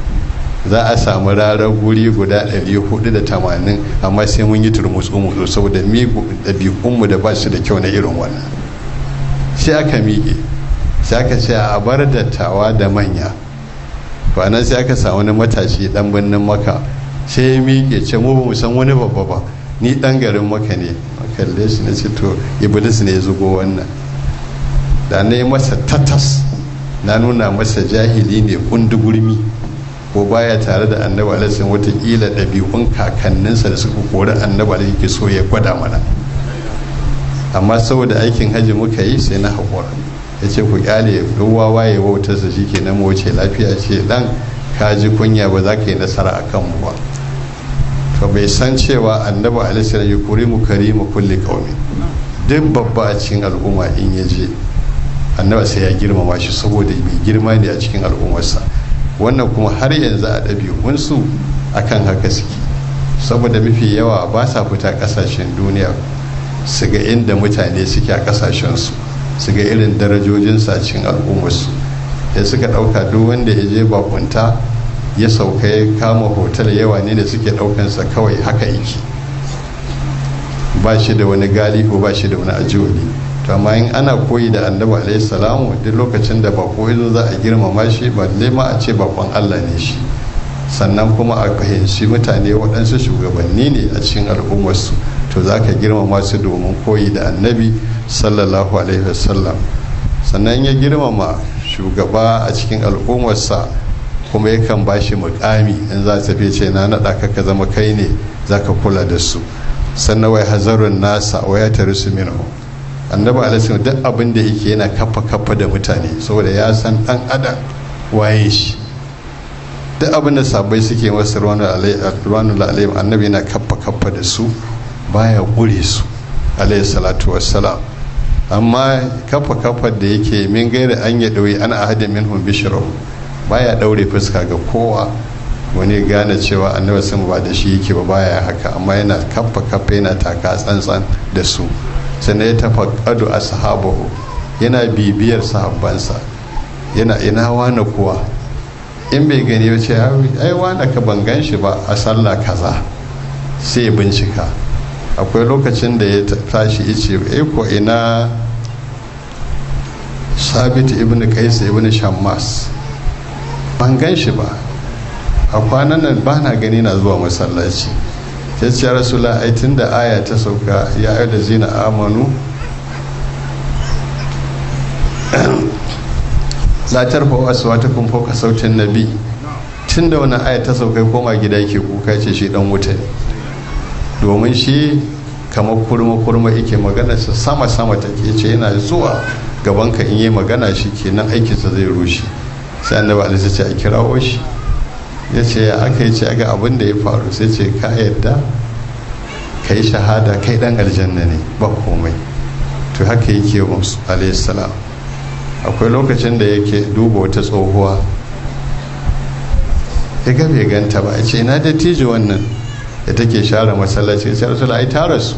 za a samu rarar guri guda 480 amma sai mun yi turmutsu saboda ɗabi'unmu da ba su da kyau na irin wannan sai aka miƙe sai aka ce a bar dattawa da manya to anan sai aka samu wani matashi dan birnin maka sai ya miƙe ce mu bamu san wani babba ba ni dan garin maka ne kalle shi na ce to iblis ne ya zugo wannan da na masa tatas na nuna masa jahili ne kundugurmi ko baya tare da annabi alaihi watakila dabi'un kakanninsa da suka kori annabi alaihi ke so ya gwada mana amma saboda aikin hajji muka yi sai na haƙura ya ce ku kyale ruwa waye wautarsa shi ke nan wuce lafiya ce dan ka ji kunya ba za ka yi nasara a kan ba to bai san cewa annabi alisira yi kuri mu kari mu kulle kaumi duk babba a cikin al'umma in ya je annabi sai ya girmama shi saboda bai girma ne a cikin al'ummarsa wannan kuma har yanzu a ɗabi'unsu akan haka suke saboda mafi yawa ba sa fita ƙasashen duniya su ga inda mutane suke a ƙasashensu su ga irin darajojinsa a cikin al'ummarsu da suka ɗauka duk wanda ya je bakunta ya sauka ya kama hotel yawa ne da suke ɗaukansa kawai haka yake ba shi da wani galihu ba shi da wani ajiyoli to amma in ana koyi da annabi alaihi salamu duk lokacin da bako yazo za a girmama shi ba ma a ce bakon allah ne shi sannan kuma a fahimci mutane waɗansu shugabanni ne a cikin al'ummarsu to za ka girmama su domin koyi da annabi sallallahu alaihi wasallam sannan ya girmama shugaba a cikin al'ummarsa kuma yakan ba shi mukami in za ta fice na naɗa ka ka zama kai ne za ka kula da su sannan wai hazarun nasa wai ya tari su minhu annabi alaihi duk abin da yake yana kafa kafa da mutane saboda ya san dan adam waye shi duk abin da sabai suke masa ruwanul alayhim annabi yana kafa kafa da su baya gure su alaihi salatu wassalam amma kafa kafa da yake min gaira an ya ɗauyi ana ahadin minhum ba baya ɗaure fuska ga kowa wani gane cewa annabi sun ba da shi yake ba baya haka amma yana kafa kafa yana taka tsantsan da su sannan ya a ashabahu yana bibiyar sahabbansa yana ina wani kuwa in bai gani ba ce ai wani ka ban gan shi ba a sallah kaza sai bincika akwai lokacin da ya tashi ice eko eh ina sabit ibn Kaisa ibn shammas ban gan shi ba a kwanan nan ba na gani na zuwa masallaci ya ce rasula ai tun da aya ta sauka ya yi da zina amanu la tarfa aswatakum fawqa sautin nabi tun da wani aya ta sauka koma gida ke kuka ce shi dan wuta ne domin shi kamar kurma-kurma yake maganarsa sama-sama ta ke ce yana zuwa gaban ka in yi magana shi kenan aikinsa zai rushe sai annabi alisa ce a kirawo shi ya ce ya aka yi ce ga abin da ya faru sai ce ka yadda ka yi shahada kai dan aljanna ne ba komai to haka yake wa musu salam akwai lokacin da yake duba wata tsohuwa ya ga bai ganta ba ya ce ina da tiji wannan da take share masallaci sai rasul ai tara su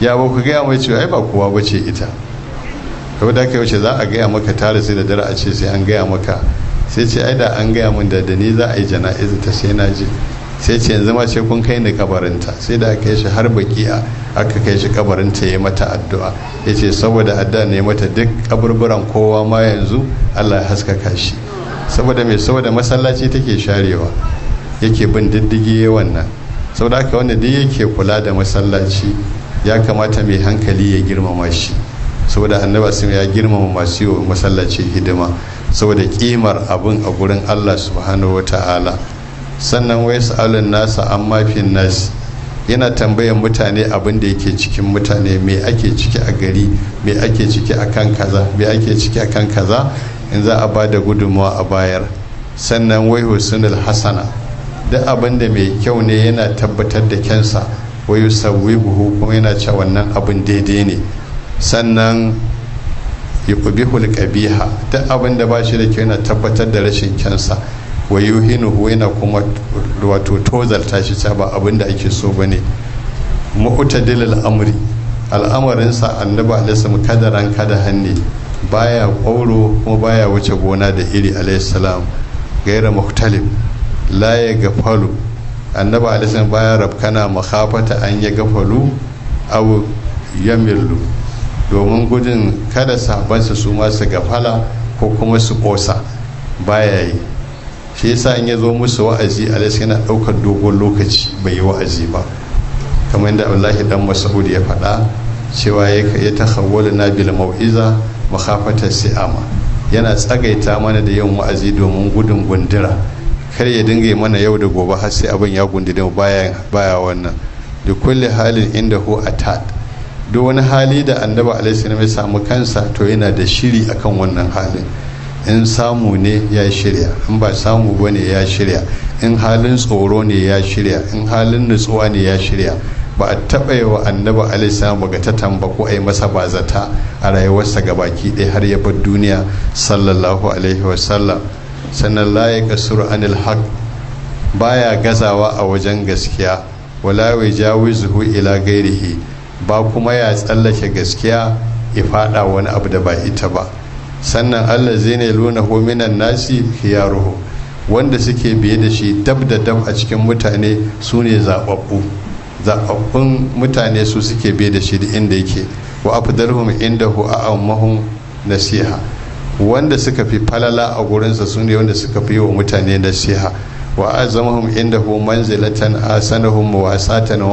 ya ba ku gaya mai cewa ai ba kowa ba ce ita kawai da aka yaushe za a gaya maka tara sai da dare a ce sai an gaya maka sai ce ai da an gaya min da da ni za a yi jana'izu ta sai na je sai ce yanzu ma ce kun kai ni kabarinta sai da aka yi shi har bakiya aka kai shi kabarinta ya mata addu'a ya ce saboda adda ne mata duk kaburburan kowa ma yanzu allah ya haskaka shi saboda mai saboda masallaci take sharewa yake bin diddigi wannan saboda haka wanda duk yake kula da masallaci ya kamata mai hankali ya girmama shi saboda annaba sun ya girmama masu yi masallaci hidima saboda kimar abin a gurin allah subhanahu wa ta'ala sannan wai sa'alun nasa an mafin nasi yana tambayan mutane abin da yake cikin mutane me ake ciki a gari mai ake ciki a kan kaza mai ake ciki a kan kaza in za a ba da gudunmawa a bayar sannan wai husnul hasana duk abin da mai kyau ne yana tabbatar da kyansa wayo sauwi buhu kuma yana ce wannan abin daidai ne sannan yuqbihul kabiha duk abin da ba shi da kyau yana tabbatar da rashin kyansa wayo hinuhu yana kuma wato tozarta shi ta ba abin da ake so ba ne al-amri al'amarinsa annabi alaihi kadaran kada ba baya kwauro kuma baya wuce gona da iri alaihi salam gaira muhtalib la ya gafalu annaba alisan baya rabkana makafata an ya gafalu abu ya domin gudun kada sabansa su masu fala ko kuma su kosa baya yi shi yasa in ya zo musu wa'azi alisan yana ɗaukar dogon lokaci bai yi wa'azi ba kamar yadda abdullahi dan mas'ud ya faɗa cewa ya tahawwala na bil mau'iza sai si'ama yana tsagaita mana da yin wa'azi domin gudun gundura kar ya dinga mana yau da gobe har sai abin ya gundule mu baya baya wannan da kulli halin inda a atat duk wani hali da annabi alaihi salam ya samu kansa to yana da shiri akan wannan halin in samu ne ya shirya in ba samu ba ne ya shirya in halin tsoro ne ya shirya in halin nutsuwa ne ya shirya ba a taɓa yi wa annaba alaihissalam ba ga ta tamba ko a yi masa ba zata a rayuwarsa ga baki ɗaya har ya bar duniya sallallahu alaihi wasallam sannan laye kasur anil haq baya gazawa a wajen gaskiya walawai wai zuhu ila gairihi ba kuma ya tsallake gaskiya ya fada wani abu da ba ita ba sannan allah zai ne luna hominan nasi khiyaruhu wanda suke biye da shi dab da dab a cikin mutane su ne zaɓaɓɓu zaɓaɓɓun mutane su suke biye da shi da inda yake wa afdalhum indahu a'ammahum nasiha wanda suka fi falala a gurinsa su ne wanda suka fi wa mutane nasiha wa azamahum hu manzilatan asanahum mu wa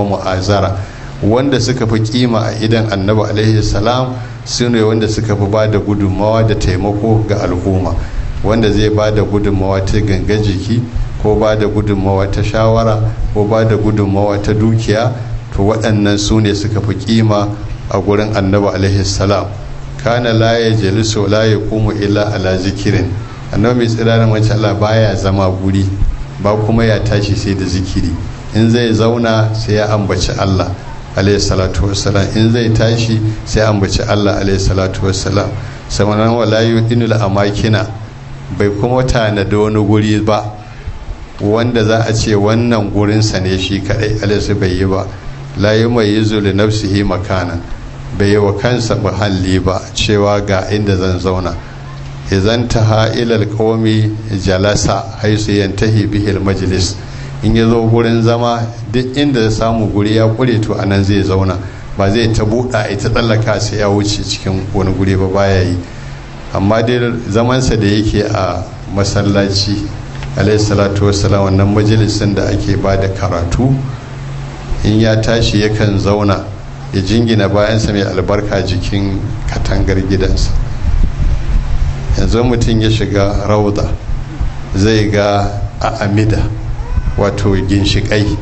mu'azara wanda suka fi kima a idan annabi alaihi salam su ne wanda suka fi ba da da taimako ga al'umma wanda zai bada da ta gangan jiki ko ba da ta shawara ko ba da gudunmawa ta dukiya to waɗannan su ne suka fi kima a gurin annabi alaihi salam kana laye ya jalisu kuma ya illa ala zikirin annabi mai tsirarin wancan Allah baya zama guri ba kuma ya tashi sai da zikiri in zai zauna sai ya ambaci Allah alayhi salatu wassalam in zai tashi sai ya ambaci Allah alayhi salatu wassalam samanan wala yudinul amakina bai kuma da wani guri ba wanda za a ce wannan gurinsa ne shi kadai alayhi bai yi ba la yumayyizu li nafsihi makana bai yi wa kansa muhalli ba cewa ga inda zan zauna izan ta ha'ilal komi jalasa haisu yantahi bihil majalis in ya zo gurin zama duk inda ya samu guri ya kure to anan zai zauna ba zai ta buɗa ita tsallaka sai ya wuce cikin wani guri ba baya yi amma dai zamansa da yake a masallaci alaihissalatu wasala wannan majalisin da ake ba da karatu in ya tashi yakan zauna ya jingina bayansa mai albarka jikin katangar gidansa yanzu mutum ya shiga rauda zai ga a amida wato ginshikai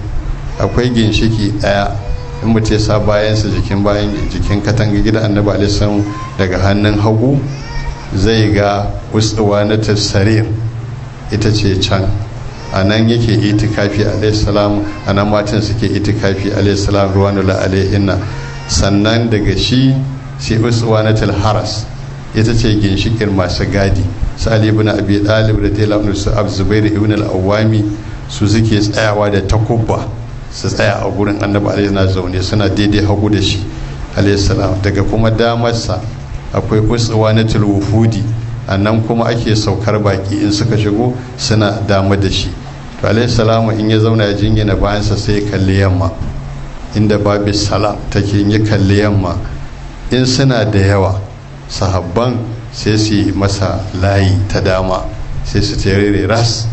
akwai ginshiki daya in mutum ya sa bayansa jikin bayan jikin katangar gidan annabi alisan daga hannun hagu zai ga ustuwa na tafsarir ita ce can a nan yake itikafi alaihissalam a nan matan suke itikafi alaihissalam ruwanula alaihinna sannan daga shi sai uswanatul haras ita ce ginshikin masu gadi sa'ali ibn abi dalib da tela ibn su'ab zubair ibn al-awwami su suke tsayawa da takubba su tsaya a gurin annabi alaihi na zaune suna daidai hagu da shi alaihi salam daga kuma damarsa akwai na wufudi a nan kuma ake saukar baki in suka shigo suna dama da shi to salam in ya zauna ya jingina bayansa sai ya kalli yamma inda babu sala take yi kalli yamma in suna da yawa sahabban sai su yi masa layi ta dama sai su jerere ras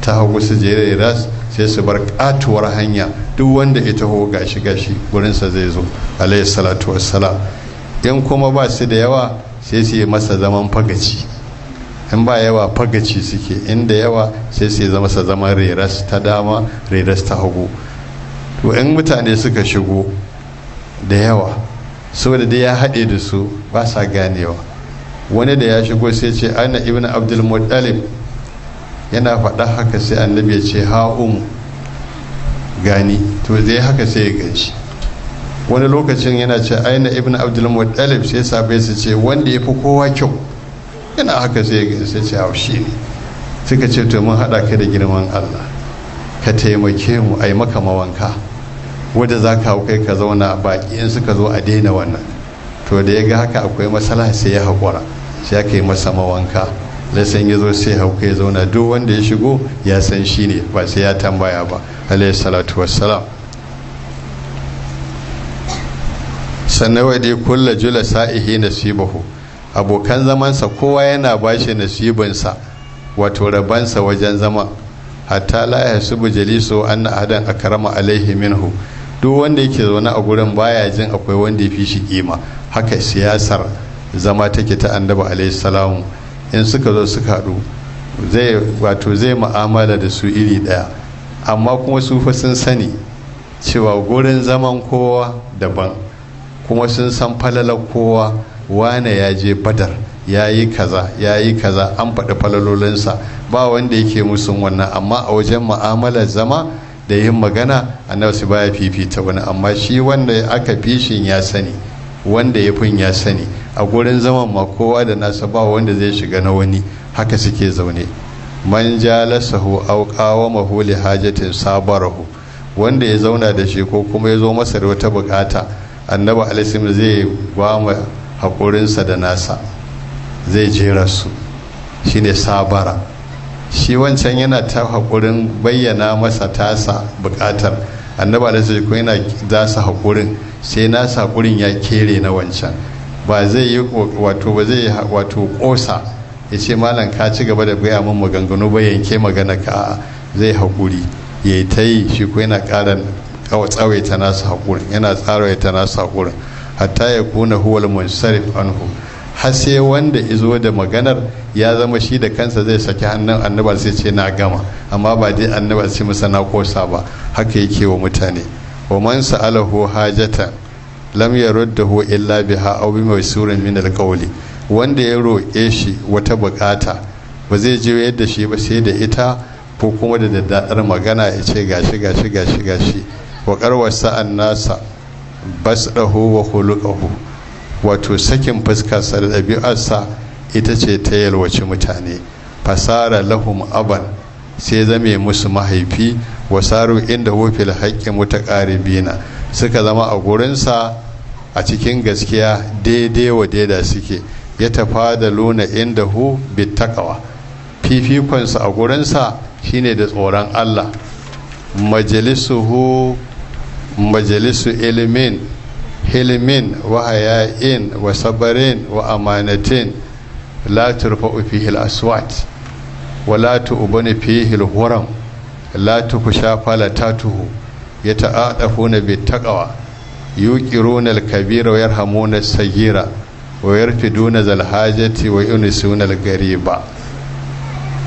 ta hagu su jerere ras sai su bar katuwar hanya duk wanda ita ho gashi gashi sa zai zo alayhi salatu wassalam in kuma ba su da yawa sai su yi masa zaman fagaci in ba yawa fagaci suke inda yawa sai su yi masa zaman reras ta dama reras ta hagu to in mutane suka shigo da yawa saboda da ya haɗe da su ba sa ganewa wani da ya shigo sai ce ana ibn abdul yana faɗa haka sai annabi ya ce ha'um gani to zai haka sai ya ganshi wani lokacin yana ce aina ibn abdul muttalib sai sabai su ce wanda ya fi kowa kyau yana haka sai ya sai ce haushi ne suka ce to mun haɗa ka da girman allah ka taimake mu ai maka mawanka wadda za ka ka zauna baki in suka zo a daina wannan to da ya ga haka akwai matsala sai ya haƙura sai ya yi masa mawanka lasan ya zo sai hauka ya zauna duk wanda ya shigo ya san shi ne ba sai ya tambaya ba alayhi salatu wassalam sannan dai kulla jula sa'ihi nasibahu abokan zamansa kowa yana ba bashi nasibinsa wato rabansa wajen zama hatta la ya subu jaliso an ahadan akrama alaihi minhu duk wanda yake zaune a gurin baya jin akwai wanda ya fi shi kima haka siyasar zama take ta annabi alaihi salamu in suka zo suka haɗu zai wato zai mu'amala da su iri ɗaya amma kuma su fa sun sani cewa gurin zaman kowa daban kuma sun san falalar kowa wane ya je badar ya yi kaza ya yi kaza an faɗi falalolinsa ba wanda yake musun wannan amma a wajen mu'amalar zama da yin magana annabi su baya fifita wani amma shi wanda aka fishin ya sani wanda ya fin ya sani a gurin zaman ma kowa da nasa ba wanda zai shiga na wani haka suke zaune man jalasahu aw qawamahu li hajatin sabarahu wanda ya zauna da shi ko kuma ya zo masa da wata bukata annabi alaihi zai gwama haƙurinsa da nasa zai jera su shine sabara shi wancan yana ta haƙurin bayyana masa tasa buƙatar annaba da sai yana za su haƙurin sai nasa haƙurin ya kere na wancan ba zai yi wato ba zai wato ƙosa ya ce malam ka ci gaba da gaya min maganganu ba yanke magana ka zai haƙuri ya ta yi shi kuma yana ƙara tsawaita nasu haƙurin yana tsawaita nasu haƙurin hatta ya kuna huwal munsarif anhu har sai wanda izo da maganar ya zama shi da kansa zai saki hannun annaba sai ce na gama amma ba dai annaba sai masa na kosa ba haka yake wa mutane wa man sa'alahu hajatan lam yaruddahu illa biha aw bi mawsurin min alqawli wanda ya roƙe shi wata bukata ba zai je yadda shi ba sai da ita ko kuma da daddadar magana ya ce gashi gashi gashi gashi wa qarwa sa'an nasa basdahu wa khuluquhu wato sakin fuskarsa da ɗabi'arsa ita ce ta yalwaci mutane fasara lahum aban sai zame musu mahaifi wasaru inda wufil haƙƙin mutaƙaribina suka zama a gurinsa a cikin gaskiya daidai wa daida suke ya tafa da luna inda hu bittakawa fifikonsa a gurinsa shine da tsoron allah majalisuhu majalisu ilimin hilmin wa aya'in wa sabarin wa amanatin la turfa'u fihi al-aswat wa la tu'bani fihi al-huram la tukhsha fala tatuhu yata'adafuna bittaqwa yuqiruna al-kabira wa yarhamuna as-saghira wa yarfiduna zal-hajati wa yunisuna al-gariba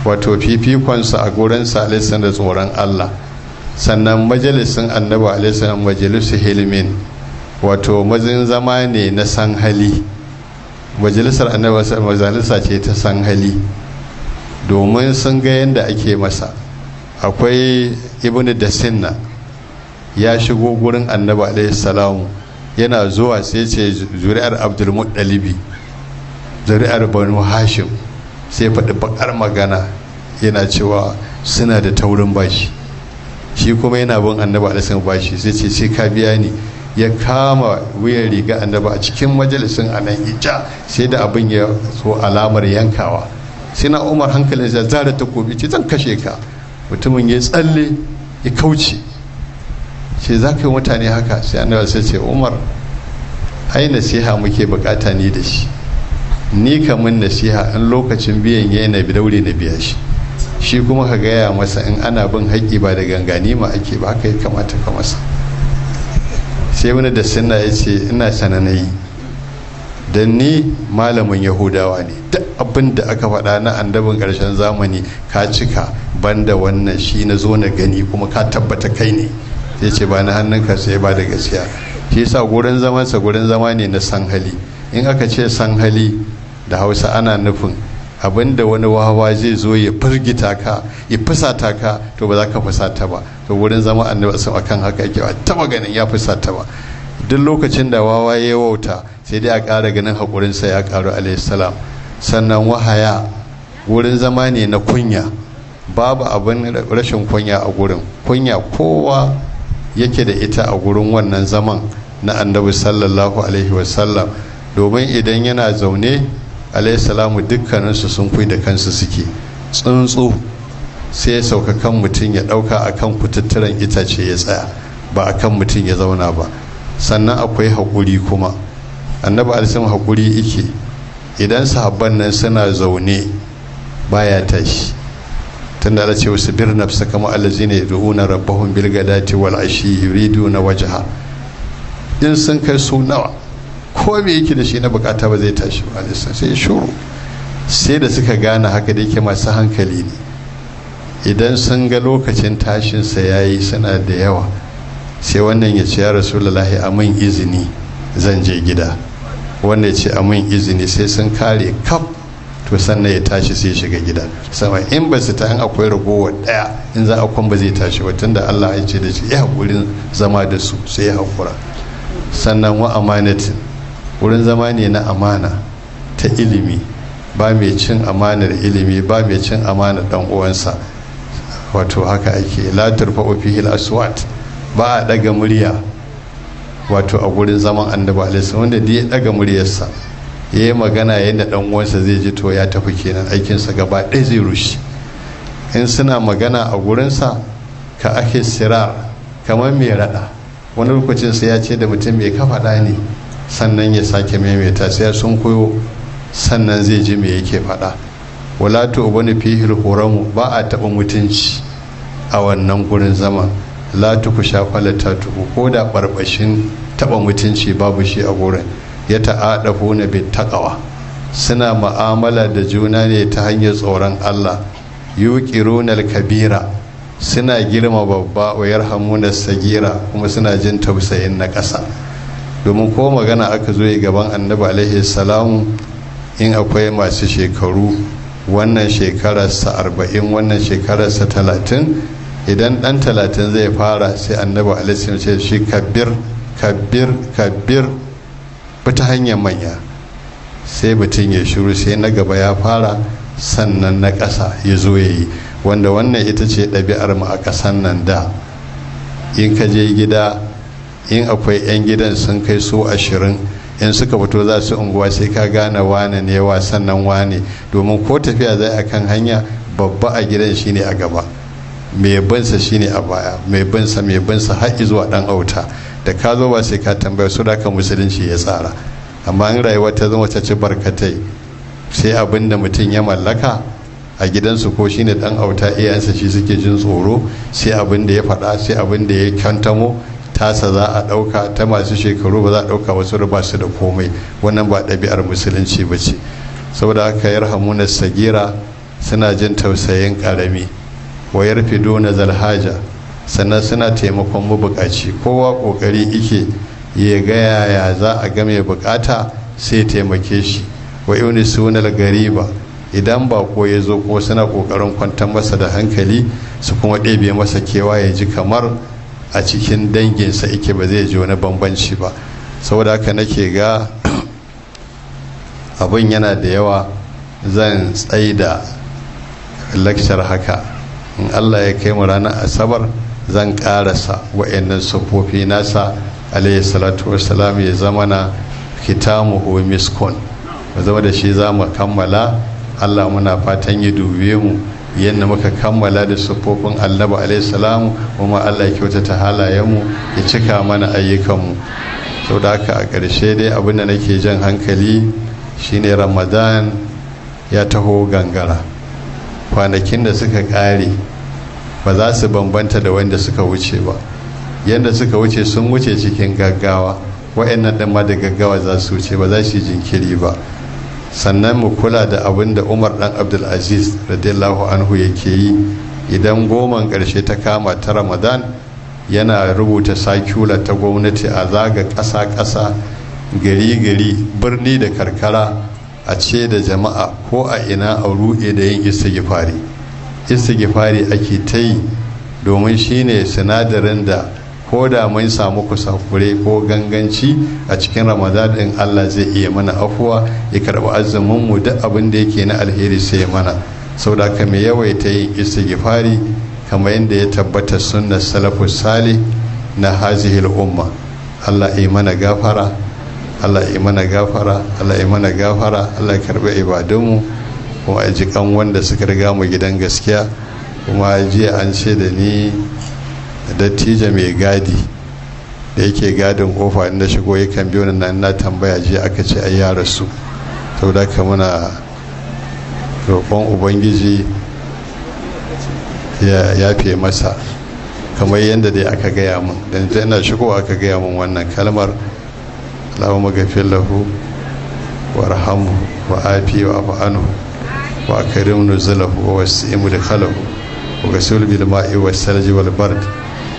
wato fifikonsa a gurin salisin da tsoron Allah sannan majalisin annabi alaihi salam majalisu hilmin wato mazin zama ne na san hali majalisar majalisa ce ta san hali domin sun ga yadda ake masa akwai ibn da sinna ya shigo gurin annabi salamu yana zuwa sai ce zuri'ar abdulmuttalibi zuri'ar banu hashim sai faɗi bakar magana yana cewa suna da taurin bashi shi kuma yana bin annabi alaihi bashi sai ce sai ka biya ni ya kama wuyan riga annaba a cikin majalisin nan ija sai da abin ya so alamar yankawa sai na umar hankalin ya zara kobi ce zan kashe ka mutumin ya tsalle ya kauce ce za ka yi mutane haka sai annabi sai ce umar ai nasiha muke bukata ni da shi ni kamun nasiha in lokacin biyan ya na bi daure na biya shi shi kuma ka gaya masa in ana bin haƙƙi ba da gangani ma ake ba haka ya kamata ka masa sai wani da sinna ya ce ina sananayi da ni malamin yahudawa ne duk abin da aka faɗa na annabin ƙarshen zamani ka cika banda wannan shi na zo na gani kuma ka tabbata kai ne yace ce ba na hannun hannunka sai ba da gaskiya shi yasa gurin zamansa gurin zama ne na san hali in aka ce san hali da hausa ana nufin abinda wani wawa zai zo ya firgita ka ya fusata ka to ba za ka fusata ba to wurin zama annabi sun akan haka yake ba taba ganin ya fusata ba duk lokacin da wawa ya wauta sai dai a ƙara ganin haƙurinsa ya ƙaru salam sannan wahaya wurin zama ne na kunya babu abin rashin kunya a gurin kunya kowa yake da ita a gurin wannan zaman na annabi sallallahu alaihi wasallam domin idan yana zaune alaihissalamu dukkaninsu sun fi da kansu suke tsuntsu sai ya sauka kan mutum ya ɗauka a kan kututturen itace ya tsaya ba a kan mutum ya zauna ba sannan akwai haƙuri kuma annaba alisun haƙuri ike idan sahabban nan suna zaune baya tashi tun da ce wasu bir nafsa kama alazi ne du'una rabbahum bil wal ashi yuridu na wajaha in sun kai su nawa ko me yake da shi na bukata ba zai tashi ba sai shuru sai da suka gane haka da yake masu hankali ne idan sun ga lokacin tashinsa ya yi suna da yawa sai wannan ya ce ya rasulullahi a izini zan je gida wannan ya ce a min izini sai sun kare kaf to sannan ya tashi sai shiga gida sama in ba su ta an akwai ragowa daya in za a kwan ba zai tashi ba tunda Allah ya ce da shi ya haƙurin zama da su sai ya haƙura sannan wa amanatin wurin zama ne na amana ta ilimi ba mai cin amanar ilimi ba mai cin amanar dan uwansa wato haka ake latar fa'ofi aswat ba a daga murya wato a gurin zaman annabi alaihi wanda da ya daga muryarsa ya yi magana yadda dan uwansa zai ji to ya tafi kenan aikinsa gaba ɗaya zai rushe in suna magana a gurinsa ka ake sirar kamar mai rada wani lokacin sai ya ce da mutum mai kafa ne sannan ya sake maimaita sai sun koyo sannan zai ji me yake faɗa wala to bani horamu ba a taɓa mutunci a wannan gurin zama la tuku shafala ta tuku ko da barbashin taɓa mutunci babu shi a gurin ya ta'adafu na bi taqawa suna ma'amala da juna ne ta hanyar tsoron Allah yuqiruna kabira suna girma babba wa yarhamuna sagira kuma suna jin tausayin na ƙasa domin ko magana aka zo gaban annabi alaihi salamu in akwai masu shekaru wannan shekararsa arba'in wannan shekararsa talatin idan dan talatin zai fara sai annabi alaihi ce shi kabir kabir kabir ta hanyar manya sai mutum ya shuru sai na gaba ya fara sannan na ƙasa ya zo ya yi wanda wannan ita ce ɗabi'ar mu a ƙasan nan da in ka je gida in akwai 'yan gidan sun kai su ashirin in suka fito za su unguwa sai ka gane wane ne wa sannan wane domin ko tafiya zai a kan hanya babba a gidan shine a gaba mai bansa shine a baya mai bansa mai bansa har zuwa dan auta da ka zo ba sai ka tambaya su da musulunci ya tsara amma in rayuwa ta zama ta ci barkatai sai abin da mutum ya mallaka a gidansu ko shine dan auta iyayensa shi suke jin tsoro sai abin da ya faɗa sai abin da ya kyantamo tasa za a ɗauka ta masu shekaru ba za a ɗauka wasu ba su da komai wannan ba ɗabi'ar musulunci ba ce saboda haka yar hamuna sagira suna jin tausayin ƙarami wayar fido na zalhaja sannan suna taimakon mabukaci kowa ƙoƙari ike ya gaya ya za a game buƙata bukata sai taimake shi wa yuni gari gariba idan ba ko ya zo ko suna ƙoƙarin kwantar masa da hankali su kuma ɗebe masa kewa ya ji kamar a cikin danginsa ike ba zai ji wani bambanci ba saboda haka nake ga [CLEARS THROAT] abin yana da yawa zan tsaida lakcar haka in allah ya kai mu ranar asabar zan karasa wa'annan sufofi nasa alayhi salatu wasalam ya zama na kitamu wa miskon zama da shi za mu kammala allah muna fatan ya dube mu yadda muka kammala da siffofin annabi alaihi salamu kuma Allah ya kyautata halayenmu ya cika mana ayyukanmu da haka a ƙarshe dai abin da nake jan hankali shine ramadan ya taho gangara kwanakin da suka ƙare ba za su bambanta da wanda suka wuce ba yadda suka wuce sun wuce cikin gaggawa wa'annan ɗan ma da gaggawa za su wuce ba za su yi jinkiri ba sannan mu kula da abin da umar dan abdulaziz radiyallahu anhu yake yi idan goman karshe ta kama ta ramadan yana rubuta sakula ta gwamnati a zaga ƙasa-ƙasa gari-gari birni da karkara a ce da jama'a ko a ina a ruɗe da yin istighfari istighfari ake ta yi domin shine sinadarin da ko da mun samu kusakure ko ganganci a cikin ramadan allah zai iya mana afuwa ya karɓi azumin mu duk abin da yake na alheri sai mana saboda ka mai yawaita yin istighfari kamar yadda ya tabbata sunnar salafu sali na hazihil umma allah ya mana gafara allah ya mana gafara allah ya mana gafara allah ya karɓi ibadunmu kuma a jikan wanda suka riga mu gidan gaskiya kuma jiya an ce da ni dattijo mai gadi da yake gadin kofa inda shigo yakan biyo nan na tambaya je aka ce ai ya rasu saboda ka muna roƙon ubangiji ya yafe masa kamar yadda dai aka gaya mun dan ta ina shigo aka gaya mun wannan kalmar allahumma gafir lahu warhamhu wa afi wa afu anhu wa akrim nuzulahu wa wasi'im likhalahu wa gasul bil ma'i wa salji wal bard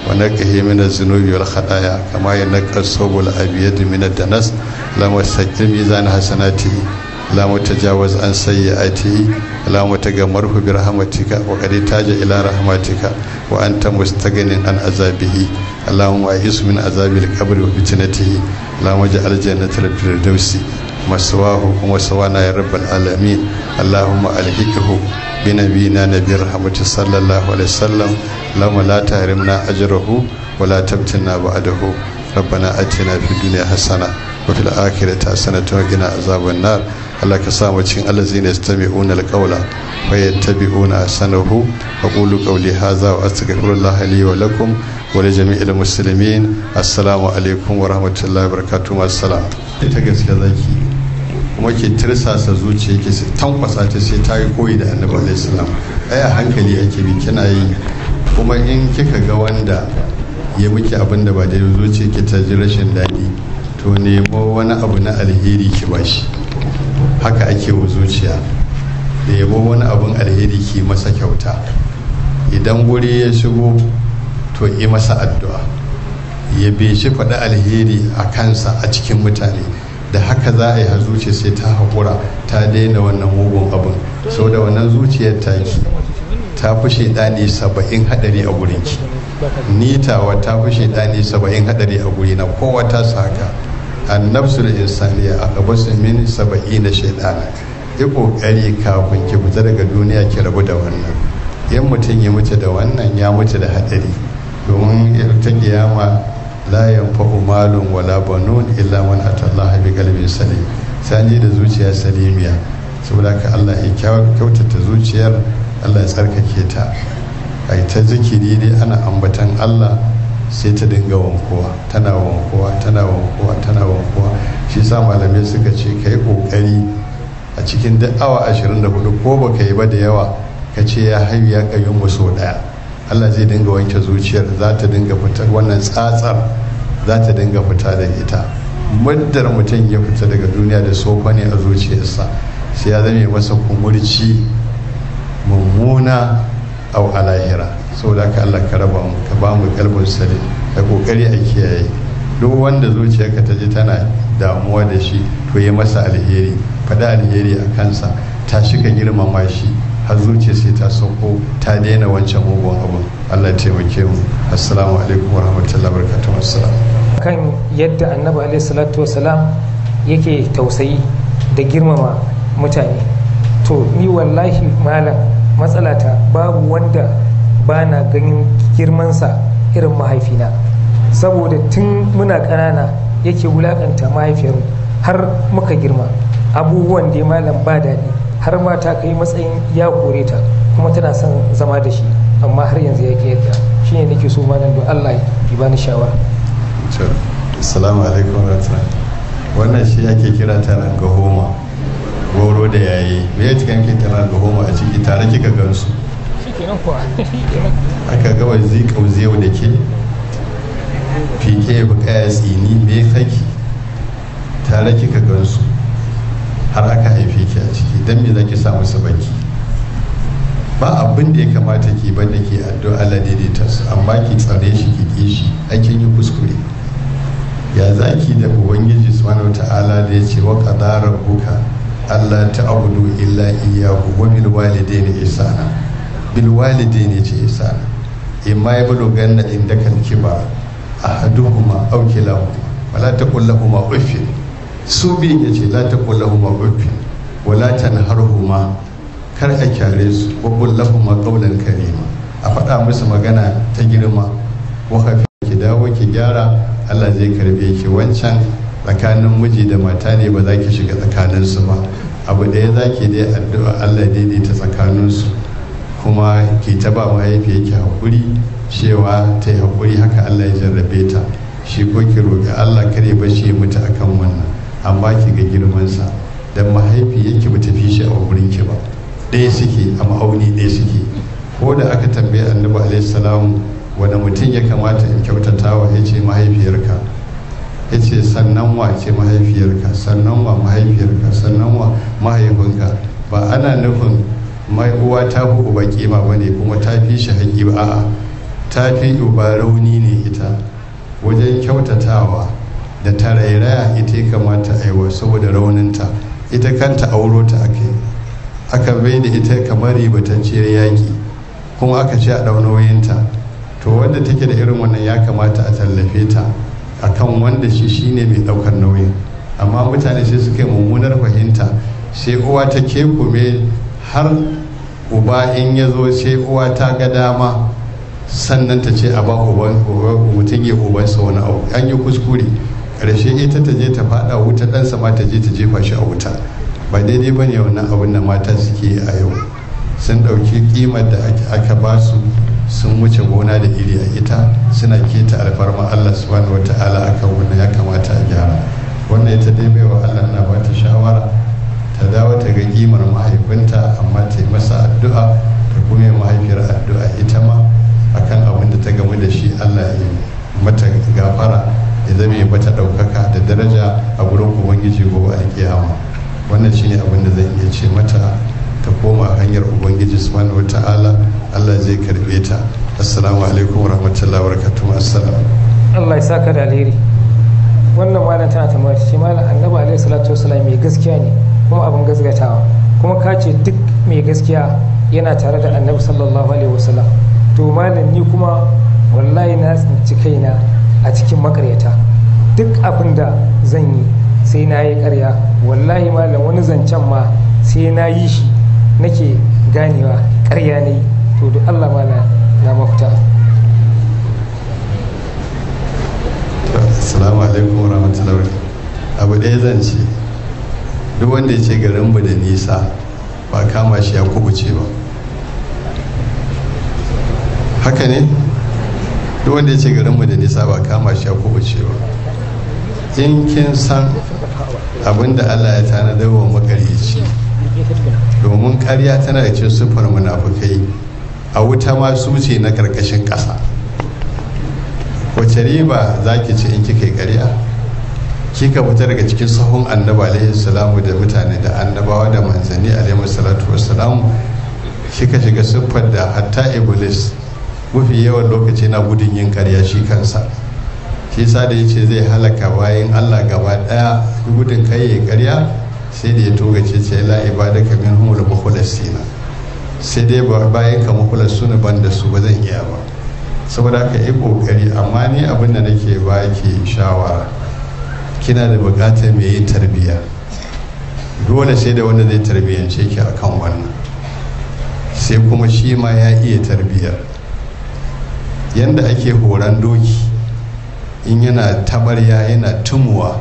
Wana gahi min zinubiyar haɗaya kamar yana kar tsohuwala a biyar jiminar da nasu. Alamoma saƙirin zan yi hasana ta an sa yi a yi ta yi. Alamoma ta gammar hubi rahmatuka. Waƙar ta ganin an azabihi. Alamoma Aisha sun yi azabin laƙabari wani bitɗa na ta yi. Alamoma je Aljanna ya rabon al'amir. Alamoma al'akikihu. بنبينا نبي الرحمة صلى الله عليه وسلم اللهم لا na أجره ولا تبتنا بعده ربنا أتنا في الدنيا حسنة وفي الآخرة حسنة وقنا عذاب النار Allah ka sa mu cikin allazina yastami'una alqawla wa yattabi'una ahsanahu wa qulu qawli hadha wa astaghfirullah li wa lakum wa li jami'il muslimin assalamu alaikum wa wa zaki kuma ke tirsasa zuciya ke tankwasa ta sai ta yi koyi da annabi alaihi salam ai a hankali ake bi kina yi kuma in kika ga wanda ya miki abin da ba da zuciya ke ta ji rashin daɗi to nemo wani abu na alheri ki bashi haka ake wa zuciya nemo wani abin alheri ki masa kyauta idan wuri ya shigo to yi masa addu'a ya bai shi faɗi alheri a kansa a cikin mutane da haka za a yi har zuciya sai ta haƙura ta daina wannan mugun abin sau da wannan zuciyar ta yi ta fi shaidani saba'in hadari a ki nitawa ta fi shaidani saba'in hadari a na kowa ta su haka annabsul insaniya a su min saba'i na shaidana yi ƙoƙari kafin ki fita daga duniya ki rabu da wannan yan mutum ya mutu da wannan ya mutu da hadari domin ta kiyama la yanfa'u malun wala banun illa man atallaha bi qalbin salim sai da zuciya salimiya saboda ka Allah ya kyautata zuciyar Allah ya tsarkake ta ai ta zikiri ne ana ambatan Allah sai ta dinga wankowa tana wankowa tana wankowa tana wankowa shi sa malamai suka ce ka yi kokari a cikin duk awa 24 ko baka yi ba da yawa ka ce ya hayu ya kayyun sau daya Allah zai dinga wanke zuciyar za ta dinga fitar wannan tsatsar za ta dinga fita da ita muddar mutum ya fita daga duniya da sofa ne a zuciyarsa sai ya zame masa kumurci mummuna au alahira saboda ka Allah ka raba mu ka ba mu kalbin sare ka kokari a kiyaye duk wanda zuciyarka ta ji tana damuwa da shi to yi masa alheri faɗa alheri a kansa tashi ka girmama shi har zuciya sai ta sauko ta daina wancan mugun abun allah taimake mu assalamu alaikum wa rahmatullahi barakatuhu assalam kan yadda annabi alaihi salatu wasalam yake tausayi da girmama mutane to ni wallahi malam matsalata babu wanda bana ganin ganin girmansa irin mahaifina saboda tun muna ƙanana yake wulaƙanta mahaifiyarmu har muka girma abubuwan da malam ba daɗi har ma ta kai matsayin ya kore ta kuma tana son zama da shi amma har yanzu ya yadda shi ne nake so malam don allah ya bani shawara assalamu alaikum wannan shi ake kira taron gahoma goro da yaye me ya cikin ke taron gahoma a ciki tare kika gansu aka gawa zikau ziyau da ke fike ya buƙaya tsini me kaki tare kika gansu har aka haife ki a ciki dan me zaki sa musu baki ba abin da ya kamata ki banda ke addu'a Allah daidaita su amma ki tsare shi ki ki shi aikin yi kuskure ya zaki da ubangiji subhanahu ta'ala da ya ce wa qadara rabbuka Allah ta'budu illa iyyahu wa bil walidayni ihsana bil walidayni ce ihsana imma yablughanna indakal kibar ahaduhuma aw kilahuma wala taqul lahumu uffin su biyun ya ce la bafi wala ta na har huma kar ka kyare su ko qul lahum qawlan karima a faɗa musu magana ta girma hafi ki dawo ki gyara Allah zai karbe ki wancan tsakanin miji da mata ne ba za ki shiga tsakaninsu ba abu ɗaya za ki dai addu'a Allah daidaita tsakaninsu kuma ki ta ba mahaifiya haƙuri cewa ta yi haƙuri haka Allah ya jarrabe ta shi ko ki roƙi Allah kare bashi mutu akan wannan amma ki ga girmansa don mahaifiyarki ba ta fi shi a wurin ki ba ɗaya suke a ma'auni ɗaya suke ko da aka tambaye annabi alaihi salamu wani mutum ya kamata in kyautata wa ya ce mahaifiyarka ya ce sannan wa ce mahaifiyarka sannan wa mahaifiyarka sannan wa mahaifinka ba ana nufin mai uwa ta fi uba kima ba ne kuma ta fi shi haƙi ba a'a ta fi uba rauni ne ita wajen kyautatawa da ta rairaya ita ya kamata a yi wa saboda rauninta ita kanta auro ta ake aka bai da ita kamar ribatacciyar yaƙi kuma aka ce a ta to wanda take da irin wannan ya kamata a tallafe ta akan wanda shi shine mai ɗaukar nauyin amma mutane sai suka yi mummunar fahimta sai uwa ta kekume har uba in ya zo sai uwa ta ga dama sannan ta ce a ba mutum ya kubansa wani abu an yi kuskure karshe ita ta je ta faɗa wuta ɗansa ma ta je ta jefa shi a wuta ba daidai ba ne wannan abin da mata suke a yau sun ɗauki ƙimar da aka ba su sun wuce gona da iri a ita suna keta alfarma allah subhanahu wata'ala kan wannan ya kamata a gyara wannan ita dai baiwa allah na ba ta shawara ta dawo ta ga kimar mahaifinta amma ta yi masa addu'a ta kuma yi mahaifiyar addu'a ita ma akan abin da ta gamu da shi allah ya mata gafara ya zama ya bata ɗaukaka da daraja a gurin ubangiji gobe kiyama wannan shine abin da zan iya ce mata ta koma hanyar ubangiji subhanahu wa ta'ala allah zai karbe ta assalamu alaikum warahmatullahi wabarakatuh assalam allah ya saka da alheri wannan malam tana tambaya shi malam annabi alaihi salatu wasallam mai gaskiya ne kuma abin gaskatawa kuma ka ce duk mai gaskiya yana tare da annabi sallallahu alaihi wasallam to malam ni kuma wallahi na tsinci kaina a cikin makaryata duk abin da zan yi sai na yi karya wallahi malam wani zancen ma sai na yi shi nake ganewa karya ne to duk allah mala na mafita salamu alaikum warahmatullahi abu ɗaya zan ce duk wanda ya ce garin mu da nisa ba kama shi ya kubuce ba haka ne duk wanda ya ce garinmu da nisa ba kama shi ko ba cewa in kin san abin da allah ya da wa makaryaci domin karya tana da cin siffar munafukai a wuta ma su ce na karkashin ƙasa wace riba za ki ci in kika yi karya kika fita daga cikin sahun annaba alaihi salamu da mutane da annabawa da manzanni alaihi salatu shi kika shiga siffar da hatta iblis mafi yawan lokaci na gudun yin karya shi kansa shi sa da ya ce zai halaka bayan allah gaba daya gudun kai ya karya sai da ya togace ce la ibadaka min humul mukhlasina sai dai bayan ka suna ban da su ba zan iya ba saboda haka yi kokari amma ne abin da nake ba ki shawara kina da bukatar mai yin tarbiyya dole sai da wanda zai tarbiyyance ki akan wannan sai kuma shi ma ya iya tarbiyyar yadda ake horon doki in yana tabarya yana tumuwa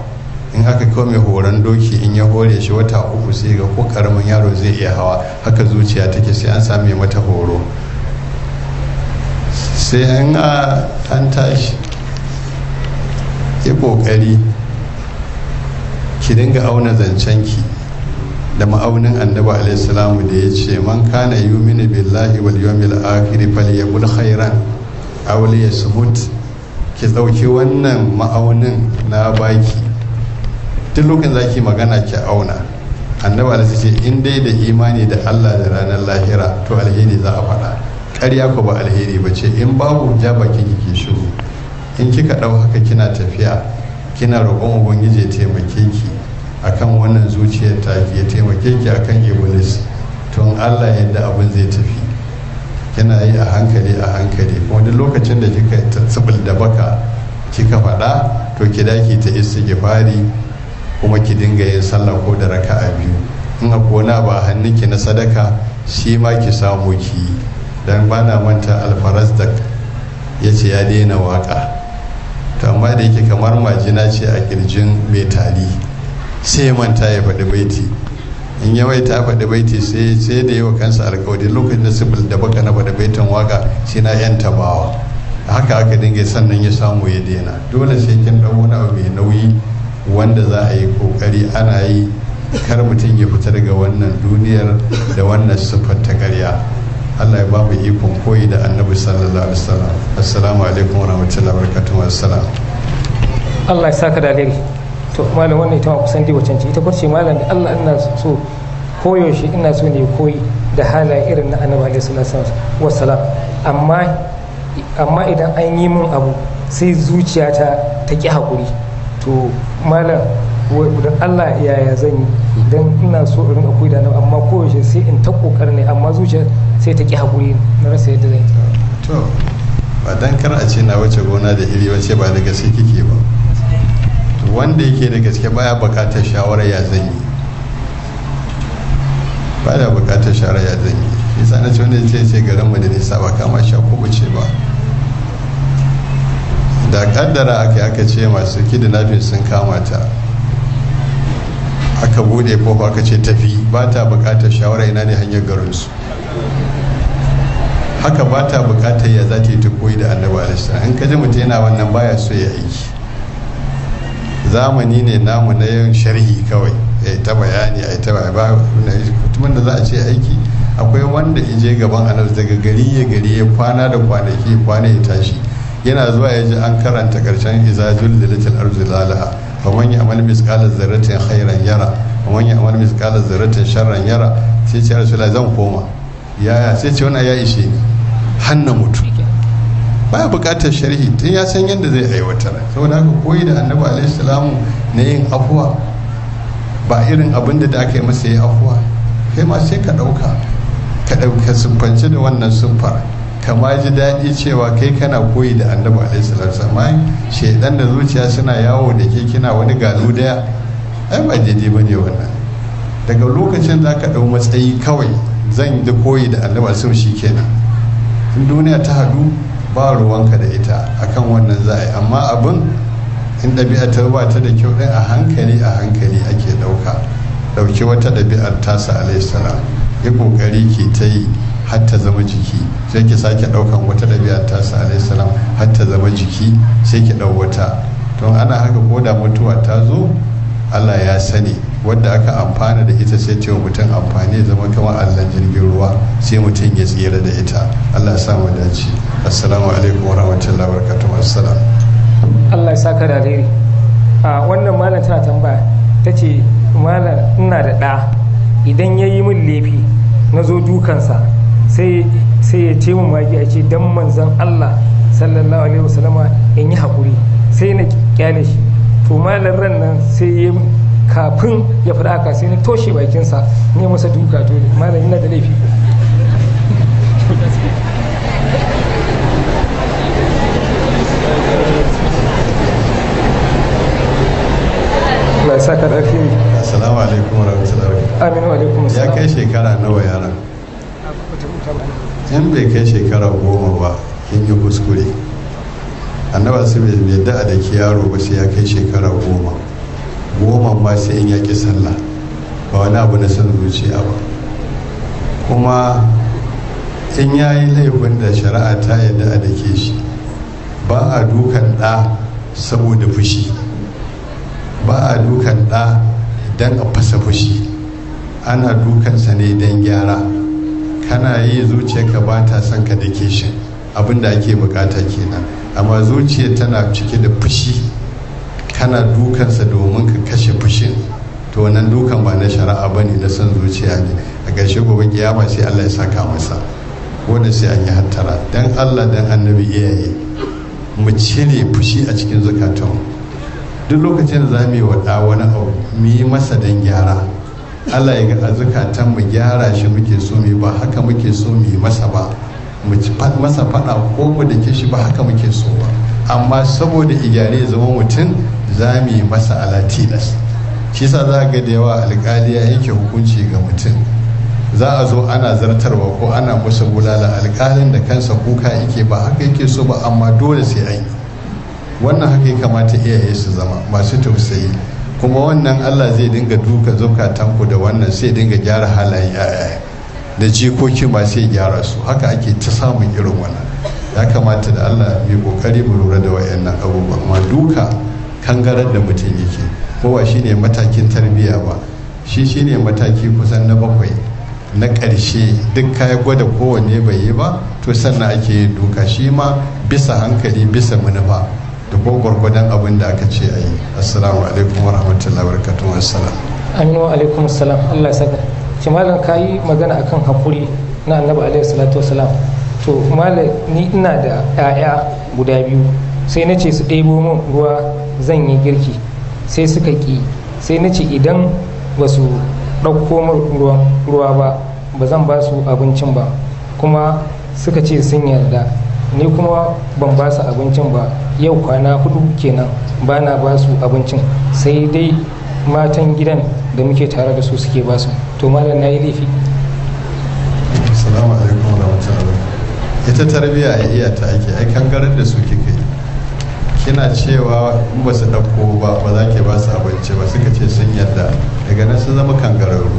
in aka kawo horon doki in ya hore shi wata uku sai ga ko karamin yaro zai iya hawa haka zuciya take sai an sami mata horo sai an an tashi ya kokari ki dinga auna zancen ki da ma'aunin annabi alaihi salamu da ya ce man kana mini billahi wal yawmil akhir falyakul khairan auliyar ya ki tsauki wannan ma'aunin na baki duk lokacin za ki magana ki auna annabi da ce in dai da imani da allah da ranar lahira to alheri za a faɗa Karya ko ba alheri ba ce in babu ja baki kike shiru in kika ɗau haka kina tafiya kina roƙon ubangiji ya taimake ki akan wannan zuciyar ta ya taimake ki akan iblis to Allah yadda abin zai tafi yana yi a hankali a hankali wani lokacin da kika tsibul da baka kika faɗa to ki daki ta istighfari kuma ki dinga yin sallah ko da raka a biyu in a kona ba hannunki na sadaka shi ma ki samu ki dan bana manta alfaras ya ce ya daina waka to amma da yake kamar majina ce a kirjin mai tari sai manta ya faɗi baiti in yawai ta faɗi baiti sai sai da yawa kansa alkawari lokacin da sibil da baka na faɗi baitin waka shi na yan tabawa haka aka dinga sannan ya samu ya daina dole sai kin ɗan wani abu mai nauyi wanda za a yi kokari ana yi kar mutum ya fita daga wannan duniyar da wannan siffar ta ƙarya Allah ya ba mu ikon koyi da annabi sallallahu alaihi wasallam assalamu alaikum wa Allah ya saka da alheri to malam wannan ita ma kusan dai wacanci ita kurce malam da Allah ina so koyaushe ina so ne koyi da halaye irin na annabi alaihi salatu Salam amma amma idan an yi min abu sai zuciyata ta ki hakuri to malam da Allah yaya zan yi idan ina so in rinka koyi da annabi amma koyaushe sai in ta kokar ne amma zuciya sai ta ki hakuri na rasa yadda zan yi to ba dan kar a ce na wace gona da iri wace ba da gaske kike ba wanda yake da gaske baya bukatar shawara ya zanyi baya bukatar shawara ya zanyi nisa na ce wanda ya ce garin da nisa ba kama sha ko ce ba da kaddara aka aka ce masu kidnapping sun kama ta aka bude kofa aka ce tafi ba ta bukatar shawara ina ne hanyar garinsu haka ba ta bukatar ya za ta yi ta koyi da annabi alaihi in ka ji mutum yana wannan baya so ya aiki zamani ne namu na yin sharhi kawai ya ta bayani a ta bayani ba na mutumin da za a ce aiki akwai wanda ya je gaban anas daga gari ya gari ya kwana da kwanaki kwana ya tashi yana zuwa ya ji an karanta karshen izajul lilatil arzu lalaha fa man ya'mal misqala zarratin khairan yara fa man ya'mal misqala zarratin sharran yara sai ce rasulullahi zan koma yaya sai ce wannan ya ishe ni hanna mutu baya buƙatar sharhi tun ya san yadda zai aiwatar saboda haka koyi da annabi alaihi salamu na yin afuwa ba irin abin da aka yi masa yi afuwa kai ma sai ka ɗauka ka ɗauka siffanci da wannan siffar ma ji daɗi cewa kai kana koyi da annabi alaihi salatu amma shaidan da zuciya suna yawo da ke kina wani galu daya ai ba daidai ba ne wannan daga lokacin za ka ɗau matsayi kawai zan yi koyi da annabi alaihi shi kenan in duniya ta hadu. ba ruwanka da ita akan wannan za yi amma abin in ɗabi'atar ba ta da kyau ɗin a hankali a hankali ake ɗauka ɗauki wata ɗabi'ar tasa alaihissalam ya ƙoƙari ke ta yi har zama jiki sai ki sake ɗaukan wata ɗabi'ar tasa alaihissalam har ta zama jiki sai ki ɗau wata don ana haka ko da mutuwa ta zo allah ya sani wadda aka amfana da ita sai cewa mutum amfani ya zama kamar allon jirgin ruwa sai mutum ya tsira da ita allah ya samu dace assalamu alaikum wa rahmatullahi wa barakatuhu assalam allah ya saka da alheri a wannan malam tana tambaya ta ce malam ina da ɗa idan ya yi min laifi na zo dukansa sai ya ce min magi a ce dan manzan allah sallallahu alaihi wasallama in yi haƙuri sai na kyale shi to malam ran nan sai kafin ya faɗa haka sai na toshe bakinsa ne masa duka to malam ina da laifi Allah ya saka alheri assalamu alaikum warahmatullahi amin wa alaikum ya kai shekara nawa yaran in bai kai shekara goma ba kin yi kuskure annaba su bai da da yaro ba sai ya kai shekara goma goma ba sai in yaƙi sallah ba wani abu na son zuciya ba kuma in ya yi laifin da shari'a ta yadda a dake shi ba a dukan ɗa saboda fushi ba a dukan ɗa don a fasa fushi ana dukansa ne don gyara kana yi zuciyarka ba ta son ka ke shi abinda ake bukata kenan amma zuciya tana cike da fushi kana dukansa domin ka kashe fushin to wannan dukan ba na shari'a ba ne na son zuciya ne a ƙarshe gobe kiyama sai allah ya saka masa wanda sai an yi hattara dan allah dan annabi iyaye mu cire fushi a cikin zukatan duk lokacin da za mu yi wa ɗa wani abu mu yi masa dan gyara allah ya ga a zukatan mu gyara shi muke so mu ba haka muke so mu yi masa ba mu masa faɗa ko mu da shi ba haka muke so ba amma saboda igyare zama mutum za mu yi masa alatilas shi sa za ga da yawa alkali ya yanke hukunci ga mutum za a zo ana zartarwa ko ana masa bulala alkalin da kansa kuka yake ba haka yake so ba amma dole sai an yi wannan haka ya kamata iyaye su zama masu tausayi kuma wannan allah zai dinga duka zukatanku da wannan sai dinga gyara halayen yaya da jikoki ba sai gyara su haka ake ta samun irin wannan ya kamata da allah mai kokari mu lura da wayannan abubuwa amma duka kangarar da mutum yake kowa shine matakin tarbiyya ba shi shine mataki kusan na bakwai na ƙarshe duk kaya gwada kowanne bai yi ba to sannan ake yin duka shi ma bisa hankali bisa manufa da ko gwargwadon abin da aka ce a yi assalamu alaikum wa rahmatullahi wa barakatuhu assalam aminu alaikum assalam allah saka shi malam ka yi magana akan hakuri na annabi alaihi salatu wasalam to ni ina da 'ya'ya guda biyu sai na ce su ɗebo min ruwa zan yi girki sai suka ƙi sai na ce idan ba su ɗauko min ruwa ba ba zan ba su abincin ba kuma suka ce sun yarda ni kuma ban ba su abincin ba yau kwana hudu kenan ba na ba su abincin sai dai matan gidan da muke tare da su suke ba su to malam na yi laifi ita tarbiyya a iya ta ake ai kangarar da su kika yi kina cewa in ba su ɗauko ba ba za ke ba su abinci ba suka ce sun yadda daga nan sun zama kangararru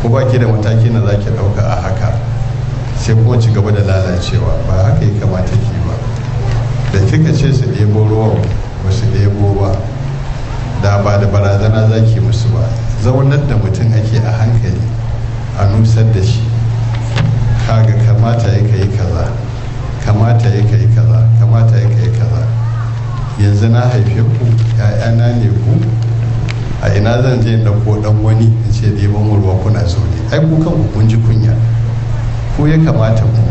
ko ba ki da mataki na za ki ɗauka a haka sai kuma ci gaba da lalacewa ba haka ya kamata ki ba da kika ce su ɗebo ruwan ba su ɗebo ba da ba da barazana za ki musu ba zaunar da mutum ake a hankali a nusar da shi kaga kamata ya kai kaza kamata ya kai kaza kamata ya kai kaza yanzu na haife ku ‘ya'yana ne ku a ina zan je da ko dan wani in ce ɗeban ruwa kuna ne ai ku kan kun ji kunya ko ya kamata ku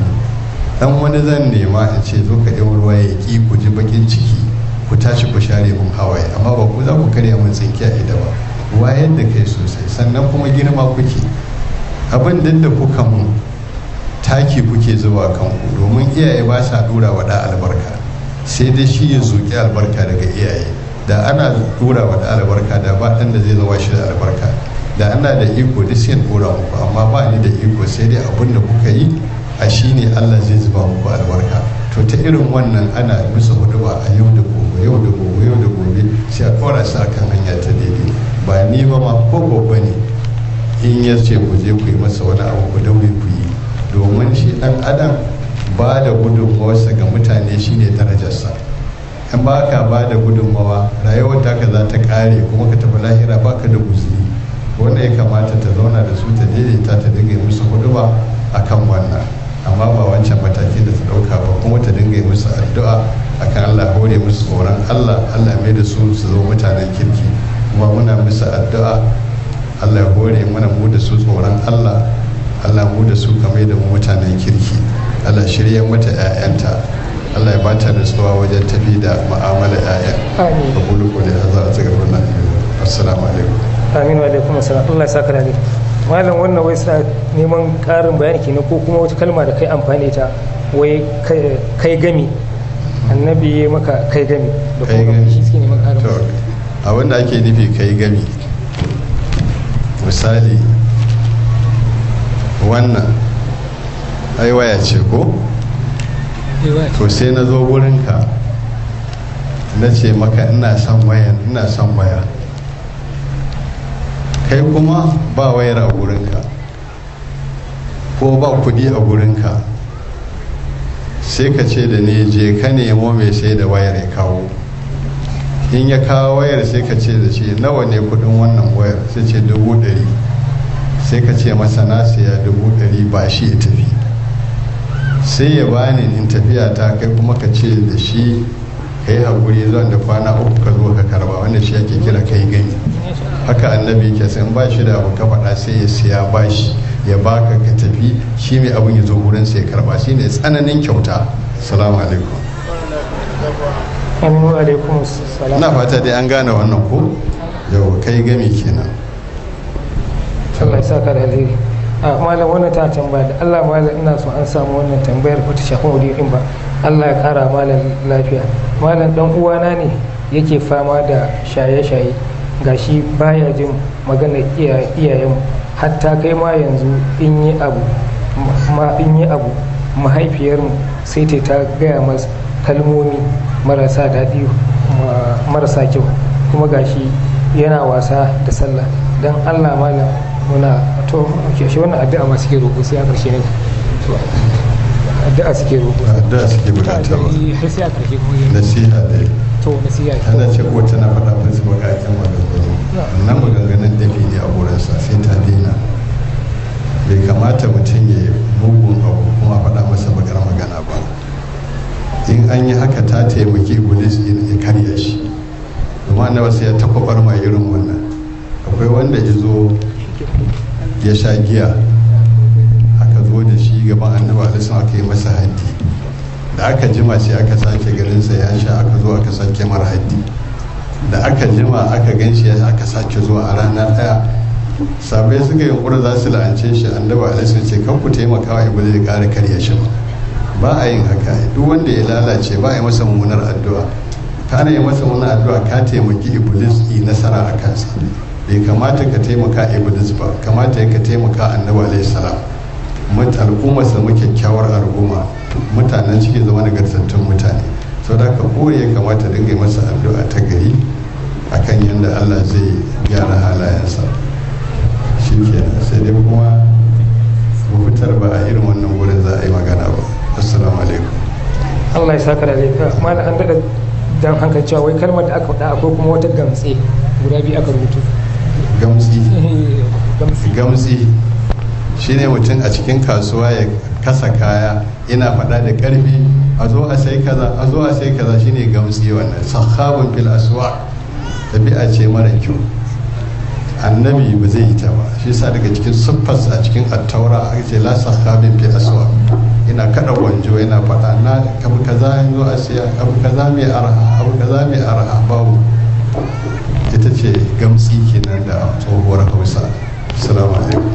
dan wani zan nema in ce zo ka ɗeban ruwa ya ƙi ku ji bakin ciki ku tashi ku share mun hawaye amma ba ku za ku karya mun tsinkiya ida ba wayar da kai sosai sannan kuma girma kuke abin da kuka mun taki kuke zuwa kanku domin iyaye ba sa dura wa da albarka sai dai shi ya zuƙi albarka daga iyaye da ana dura wa da albarka da ba ɗan da zai zama shi da albarka da ana da iko duk sai dora muku amma ba ni da iko sai dai abin da kuka yi a shi ne allah zai zuba muku albarka to ta irin wannan ana musu huduba a yau da gobe yau da gobe yau da gobe sai a kora su akan hanya ta daidai ba ni ba ma ko gobe ne in ya ce ku je ku yi masa wani abu ku daure ku yi domin shi dan adam ba da gudunmawarsa ga mutane shine darajarsa in ba ka ba da gudunmawa rayuwar taka za ta kare kuma ka tafi lahira baka da guzuri wanda ya kamata ta zauna da su ta daidaita ta dinga musu huduba kan wannan amma ba wancan mataki da ta dauka ba kuma ta dinga musu addu'a a kan Allah hore musu tsoron Allah Allah mai da su su zo mutanen kirki kuma muna musu addu'a Allah ya hore mana mu da su tsoron Allah allah mu da su kamar da mu mutanen kirki allah shirya mata 'ya'yanta allah ya bata suwa wajen tafi da ma'amala 'ya'ya Ka bulu ko da za a tsaga wannan assalamu alaikum amin wa alaikum assalam allah ya saka da malam wannan wai suna neman karin bayani kenan ko kuma wata kalma da kai amfani ta wai kai gami annabi ya maka kai gami da kuma shi suke neman karin abin da ake nufi kai gami misali wannan ai waya ce ko eh, to sai na zo gurinka na ce maka ina son waya ina son waya kai kuma ba wayar a gurinka ko ba kudi a gurinka sai ka ce da ne je ka nemo mai sai da wayar ya kawo in ya kawo wayar sai ka ce da ce nawa ne kudin wannan wayar sai ce dubu ɗari sai ka ce masa na siya dubu ɗari ba shi ya tafi sai ya bani in tafiya ta kai kuma ka ce da shi ka yi haƙuri zuwan da kwana uku ka zo ka karba wanda shi yake kira kai gani haka annabi ke sai ba shi da abu ka faɗa sai ya siya ba shi ya baka ka tafi shi mai abin ya zo wurin sai karba shi ne tsananin kyauta salamu alaikum na fata dai an gane wannan ko yau kai gami kenan Allah ya saka da alheri a ah, malam wannan ta tambaya da Allah malam ina so an samu wannan tambayar ba ta shafi maudu'in ba Allah ya kara malam lafiya malam dan uwana ne yake fama da shaye-shaye gashi baya jin magana iyayen hatta kai ma yanzu in yi abu ma in yi abu mahaifiyarmu sai ta ta gaya masa kalmomi marasa daɗi marasa kyau kuma gashi yana wasa da sallah don allah malam muna to shi wannan addu'a ma suke roƙo sai a ƙarshe ne addu'a suke roƙo addu'a suke ba sai a ƙarshe kuma nasiha ne to nasiha ce ko tana faɗa musu bakakin maganganu nan maganganun ke ne a wurinsa sai ta daina bai kamata mutum ya yi mugun abu kuma faɗa masa bakar magana ba in an yi haka ta taimaki iblis in ya karya shi domin annabi sai ya takwabar ma irin wannan akwai wanda ya zo ya sha giya aka zo da shi gaban annabi alisun aka yi masa haddi da aka jima sai aka sake garinsa ya sha aka zo aka sake mara haddi da aka jima aka gan shi aka sake zuwa a rana ɗaya sabai suka yunkuri za su la'ance shi annabi alisun ce kan ku taimaka wa ibu zai ƙara karya shi ba a yin haka duk wanda ya lalace ba a yi masa mummunar addu'a na yi masa mummunar addu'a ka taimaki iblis yi nasara a kansa bai kamata ka taimaka iblis ba kamata ya ka taimaka annabi alaihi salam al'ummar samu kyakkyawar al'umma mutanen cikin zama nagartattun mutane sau da ka kore ya kamata dinga masa addu'a ta gari kan yadda allah zai gyara halayensa shi kenan sai dai kuma mu fitar ba a irin wannan wurin za a yi magana ba assalamu alaikum allah ya ka da amma na an daɗa don hankali cewa wai kalmar da aka faɗa akwai kuma wata gamtse guda biyu aka rubutu gamsi [LAUGHS] gamsi shine mutum a cikin kasuwa ya kasa kaya ina faɗa da ƙarfi a zo a sai kaza a zo a sai kaza shine gamsi wannan sahabun fil aswa tabi'a ce mara kyau annabi ba zai yi ta ba shi sa daga cikin siffar a cikin attaura a ce la sahabin fil aswa ina kada wanjo ina faɗa na abu kaza yanzu a siya abu kaza mai arha abu kaza mai arha babu ita ce gamsi kenan da tsohuwar hausa salamu alaikum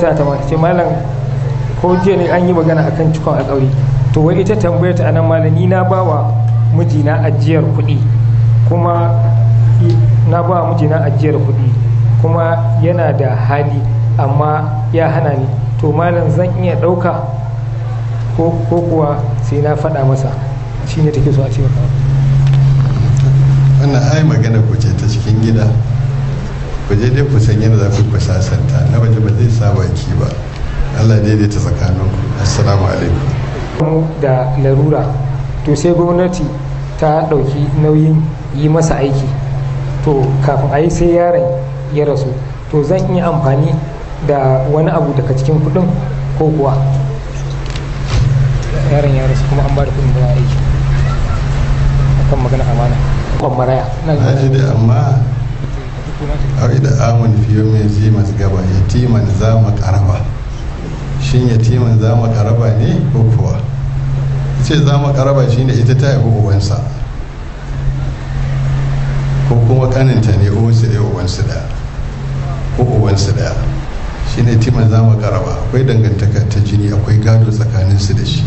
ta ta malam ko jiya ne an yi magana a kan cikon alƙawari to wai ita tambayar ta anan malami na wa mijina ajiyar kuɗi kuma na wa mijina ajiyar kuɗi kuma yana da hali amma ya hana ni to malam zan iya ɗauka ko kuwa sai na faɗa masa shine take so a ce maka wannan ai magana ku ce ta cikin gida ku je dai ku san yadda za ku sasanta na waje ba zai sa ba Allah daidaita tsakaninku assalamu alaikum da larura to sai gwamnati ta ɗauki nauyin yi masa aiki to kafin a yi sai yaron ya rasu to zan iya amfani da wani abu daga cikin kuɗin ko kuwa yaron ya rasu kuma an ba da kudin da aiki akan magana amana kwammaraya da amma ai da amin fiye mai ji masu gaba yatiman za mu karaba shin yatiman za mu karaba ne ko kuwa ce za mu karaba shi ne ita ta uwansa ko kuma kaninta ne uwansu ɗaya uwansu ko uwansu shi ne za mu karaba akwai dangantaka ta jini akwai gado tsakaninsu da shi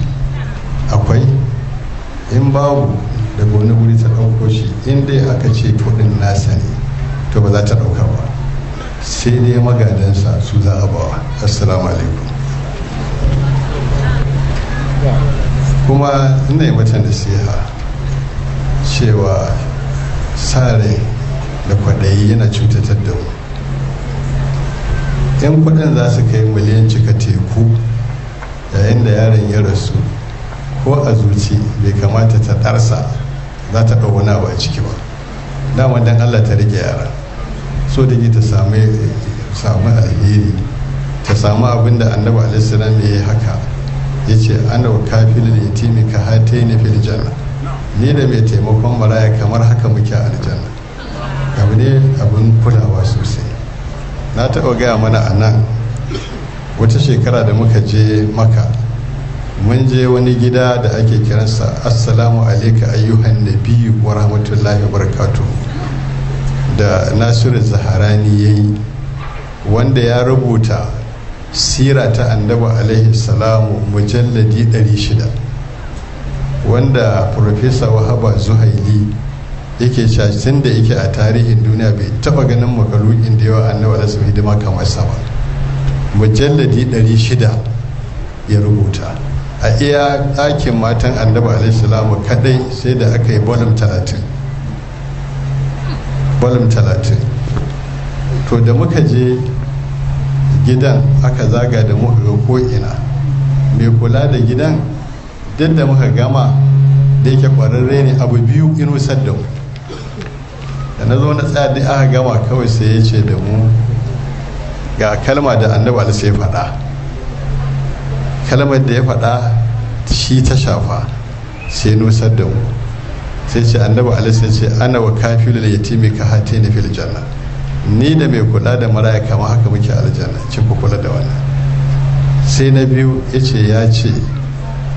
akwai in babu daga wani wuri ta ɗauko shi in dai aka ce kuɗin nasa ne to ba za ta ɗauka ba sai dai magadansa su za a bawa assalamu alaikum kuma ina yi mata nasiha cewa sare da kwaɗayi yana cutatar da mu yan kuɗin za su kai miliyan cika teku yayin da yaron ya rasu ko a zuci bai kamata ta ɗarsa za ta ɗau wani abu a ciki ba daman dan allah ta rike yara so da ta eh, samu alheri ta samu abin da annabi alaihissalam ya yi haka ya ce ana wa kafin litimi ka yi na fil janna ni da mai taimakon maraya kamar haka muke a aljanna abu ne abin kulawa sosai na taɓa gaya mana a nan wata shekara da muka je maka mun je wani gida da ake kiransa assalamu alaika ayyuhan nabiyu wa rahmatullahi wa da nasiru zaharani ya yi wanda ya rubuta sira ta annaba alaihi salamu mujalladi 600 wanda profesa wahaba zuhaili yake cacin da yake a tarihin duniya bai taba ganin makalukin da yawa annaba da su hidima kamar sama ba mujalladi 600 ya rubuta a iya ɗakin matan annabi alaihi kadai sai da aka yi bolum talatin bolum talatin to da muka je gidan aka zaga da muka ga ko'ina mai kula da gidan duk da muka gama da yake kwararre ne abu biyu inu da mu da na zo na tsaya da aka gama kawai sai ya ce da mu ga kalma da annabi alaihi faɗa kalmar da ya faɗa shi ta shafa sai nusar da mu sai ce annabi ali sai ce ana wa kafilul yatimi ka hati ni fil janna ni da mai kula da maraya kama haka muke aljanna ce ku kula da wannan sai na biyu yace ya ce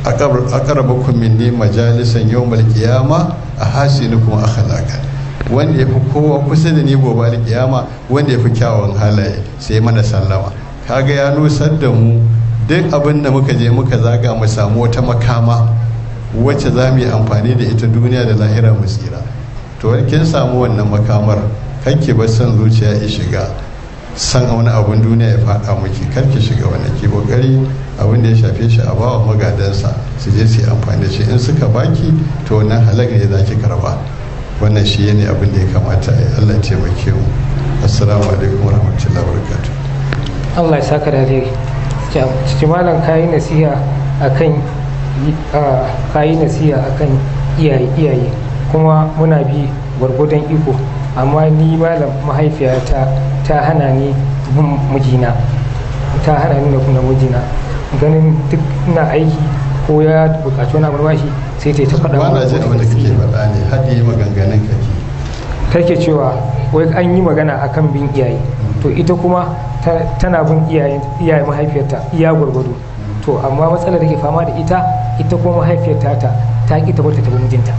aqrabakum minni majalisan yawmal qiyama ahasinukum akhlaqa wanda ya fi kowa kusa da ni gobe alkiyama wanda ya fi kyawun halaye sai mana sallama kaga ya nusar da mu duk abin da muka je muka zaga mu samu wata makama wacce za mu yi amfani da ita duniya da lahira mu tsira to kin samu wannan makamar kan ki son zuciya ya shiga san wani abun duniya ya faɗa miki karki shiga wani ki kokari abin da ya shafe shi a bawa magadansa su je su yi amfani da shi in suka baki to wannan halak ne za ki karba wannan shi ne abin da ya kamata Allah taimake mu assalamu alaikum warahmatullahi wabarakatuh Allah ya saka da alheri cikin malam kayi nasiha akan kayi nasiha akan iyaye iyaye kuma muna bi gwargwadon iko amma ni malam mahaifiyata ta hana ni bin mijina ta hana ni na mijina ganin duk ina aiki ko ya bukaci wani abu bashi sai ta ta faɗa ba na jin wanda kake faɗa ne hadi maganganun kake kake cewa wai an yi magana akan bin iyaye hmm. to ita kuma tana bin iyayen mahaifiyarta iya gwargwado to amma matsalar da ke fama da ita ita kuma mahaifiyarta ta ta ki ta bata mijinta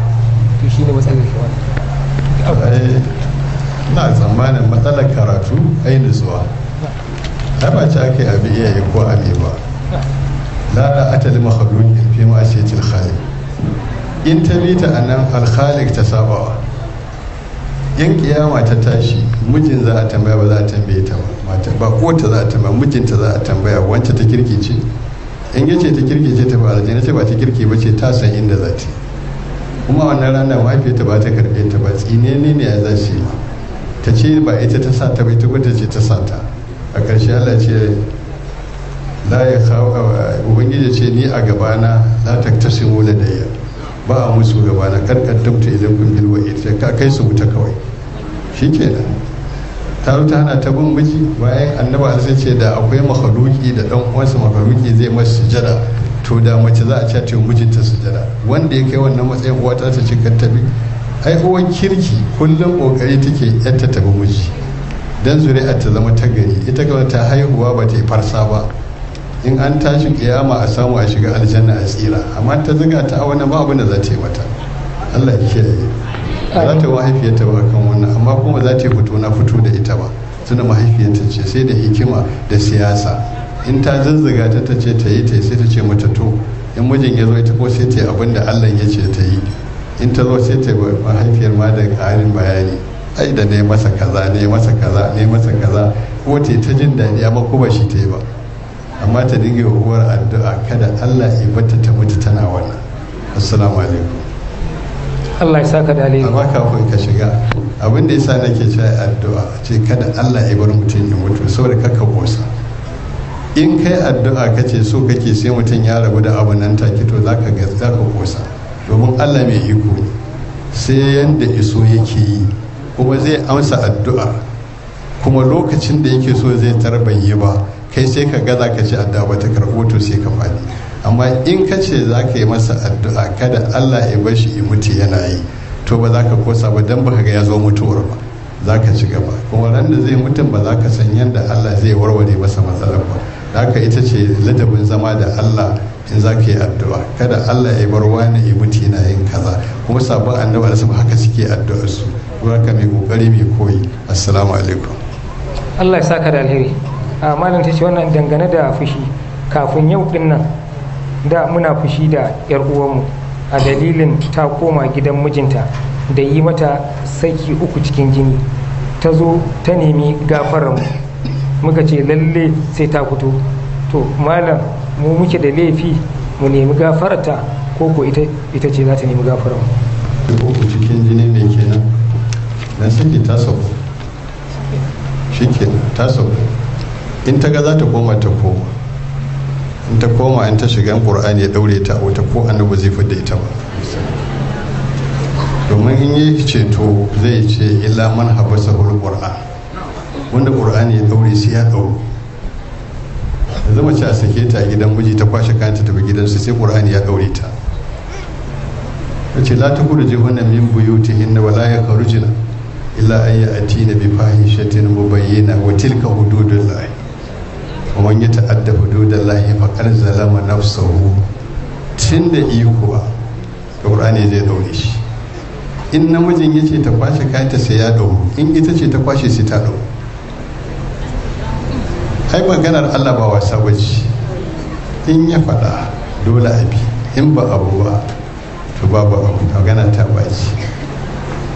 to ne matsalar ke wani eh, na tsammanin matsalar karatu ainihin zuwa ai ba ci ake abi iyaye ko abi ba la atali makhluq fi ma ce til khaliq in ta bi ta anan al ta sabawa yan kiyama ta tashi mijin za a tambaya ba za a tambaye ta ba mata ba ko ta za a tambaya mijinta za a tambaya wance ta kirki ce in yace ta kirki ce ta ba aljanna ce ba ta kirki ba ce ta san inda za ta kuma wannan rana ta ba ta karbe ta ba tsine ne ya za shi ta ce ba ita ta sa ta ba ita ta ce ta sa ta a ƙarshe Allah ce la ya kawo ubangiji ce ni a gabana ta tashi wula da yau ba a musu gaba na ta idan kun bilwa ita ka kai su wuta kawai shi kenan ta ruta hana ta bin miji bayan annaba alisa ce da akwai mahaluki da dan uwansa mahaluki zai masu sujada to da mace za a ce ta mijinta sujada wanda ya kai wannan matsayin uwa ta ce kan tabi ai uwan kirki kullum kokari take yar ta tabi miji dan zuri'a ta zama ta gari ita kawai ta haihuwa ba ta yi farsa ba in an tashi kiyama a samu a shiga aljanna a tsira amma ta zuga ta a wani babu da za ta yi mata Allah ya kiyaye za ta mahaifiyarta ba kan wannan amma kuma za ta yi fito na fito da ita ba tunda mahaifiyarta ce sai da hikima da siyasa in ta zazzaga ta ta ce ta yi ta sai ta ce mata to in mijin ya zo ita ko sai ta yi abin Allah ya ce ta yi in ta zo sai ta yi mahaifiyar ma da ƙarin bayani ai da ne masa kaza ne masa kaza ne masa kaza ko ta ta jin daɗi amma ko ba shi ta yi ba amma ta dinga uwar addu'a kada Allah ya bata ta mutu tana wannan assalamu alaikum Allah ya saka da alaikum amma kafin ka shiga abin da yasa nake cewa addu'a ce kada Allah ya bar mutum ya mutu saboda kaka bosa in kai addu'a kace so kake sai mutum ya rabu da abu nan take to zaka ga zaka bosa domin Allah mai iko sai yanda iso yake yi kuma zai amsa addu'a kuma lokacin da yake so zai tarbanye ba kai sai ka gaza ka ci addu'a ba ta karɓo to sai ka faɗi amma in ka ce za ka yi masa addu'a kada allah ya bashi ya mutu yana yi to ba za ka kosa ba don baka ga ya zo mutuwar ba za ka ci gaba kuma ran da zai mutum ba za ka san yadda allah zai warware masa matsalar ba haka ita ce ladabin zama da allah in za ka yi addu'a kada allah ya bar wani ya mutu yana yin kaza kuma sabon annabi da sama haka suke addu'ar su ka mai kokari mai koyi assalamu alaikum allah ya saka da alheri a malam ta ce wannan dangane da fushi kafin yau din nan da muna fushi da yar uwanmu a dalilin ta koma gidan mijinta da yi mata saki uku cikin jini ta zo ta nemi gafaran muka ce lalle sai ta fito to malam mu muke da laifi mu nemi gafararta ko ko ita ce za ta nemi gafaran mu uku cikin jini ne kenan dan saki ta sauko shi ta sauko in ta ga za ta koma ta koma in ta koma in ta shiga qur'ani ya daure ta wata ko annabi zai fada ita ba domin in yi ceto zai ce illa man habasa hul qur'an wanda qur'ani ya daure sai ya daure zama mace a sake ta a gidan miji ta kwashe kanta ta tafi su sai qur'ani ya daure ta ce la tukhruju hunna min buyutihinna wa la yakhrujna illa an tina bi fahishatin mubayyana wa tilka hududullah ومن يتعد حدود الله فقد ظلم نفسه da iko ba ƙur'ani zai daure shi in namijin ya ce ta kwashe kayanta sai ya dauro in ita ce ta kwashe sai ta dauro ai maganar allah ba wasa bace in ya faɗa dole a bi in ba abu ba to babu abu magana ta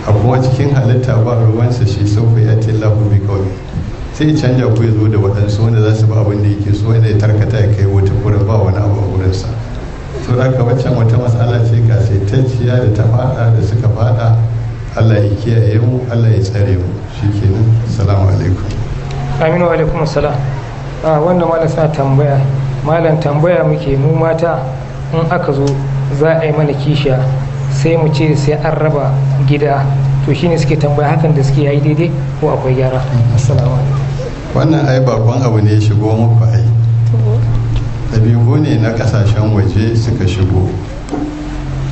A kuma cikin halitta ba ruwansa shi sofa ya tilahu bi kawai sai canja ku zo da waɗansu wanda za su ba abin da yake so wanda ya tarkata ya kai wata gurin ba wani abu a wurinsa to haka waccan wata matsala ce ta ciya da ta fada da suka fada allah ya kiyaye mu allah ya tsare mu shikenan salamu alaikum aminu alaikum assalam a ah, wannan malam sa tambaya malam tambaya muke mu mata in aka zo za a yi mana kishiya sai mu ce sai an raba gida to shine suke tambaya hakan da suke yayi daidai ko akwai gyara assalamu alaikum wannan ai bakon abu ne shigo muku ai ɗabi'u ne na ƙasashen waje suka shigo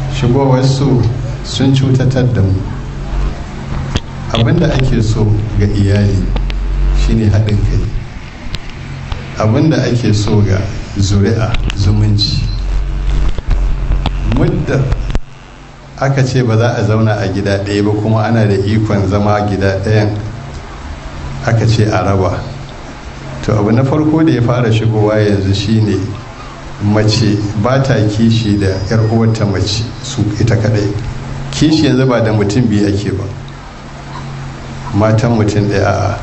shigowarsu sun cutatar da mu abinda ake so ga iyali shine haɗin kai abinda ake so ga zuri'a zumunci mudda aka ce ba za a zauna a gida ɗaya ba kuma ana da ikon zama gida ɗayan aka ce a raba to abu na farko da ya fara shigowa yanzu shine mace ba ta kishi da yar uwarta mace su ita kadai kishi yanzu ba da mutum biyu ake ba matan mutum da a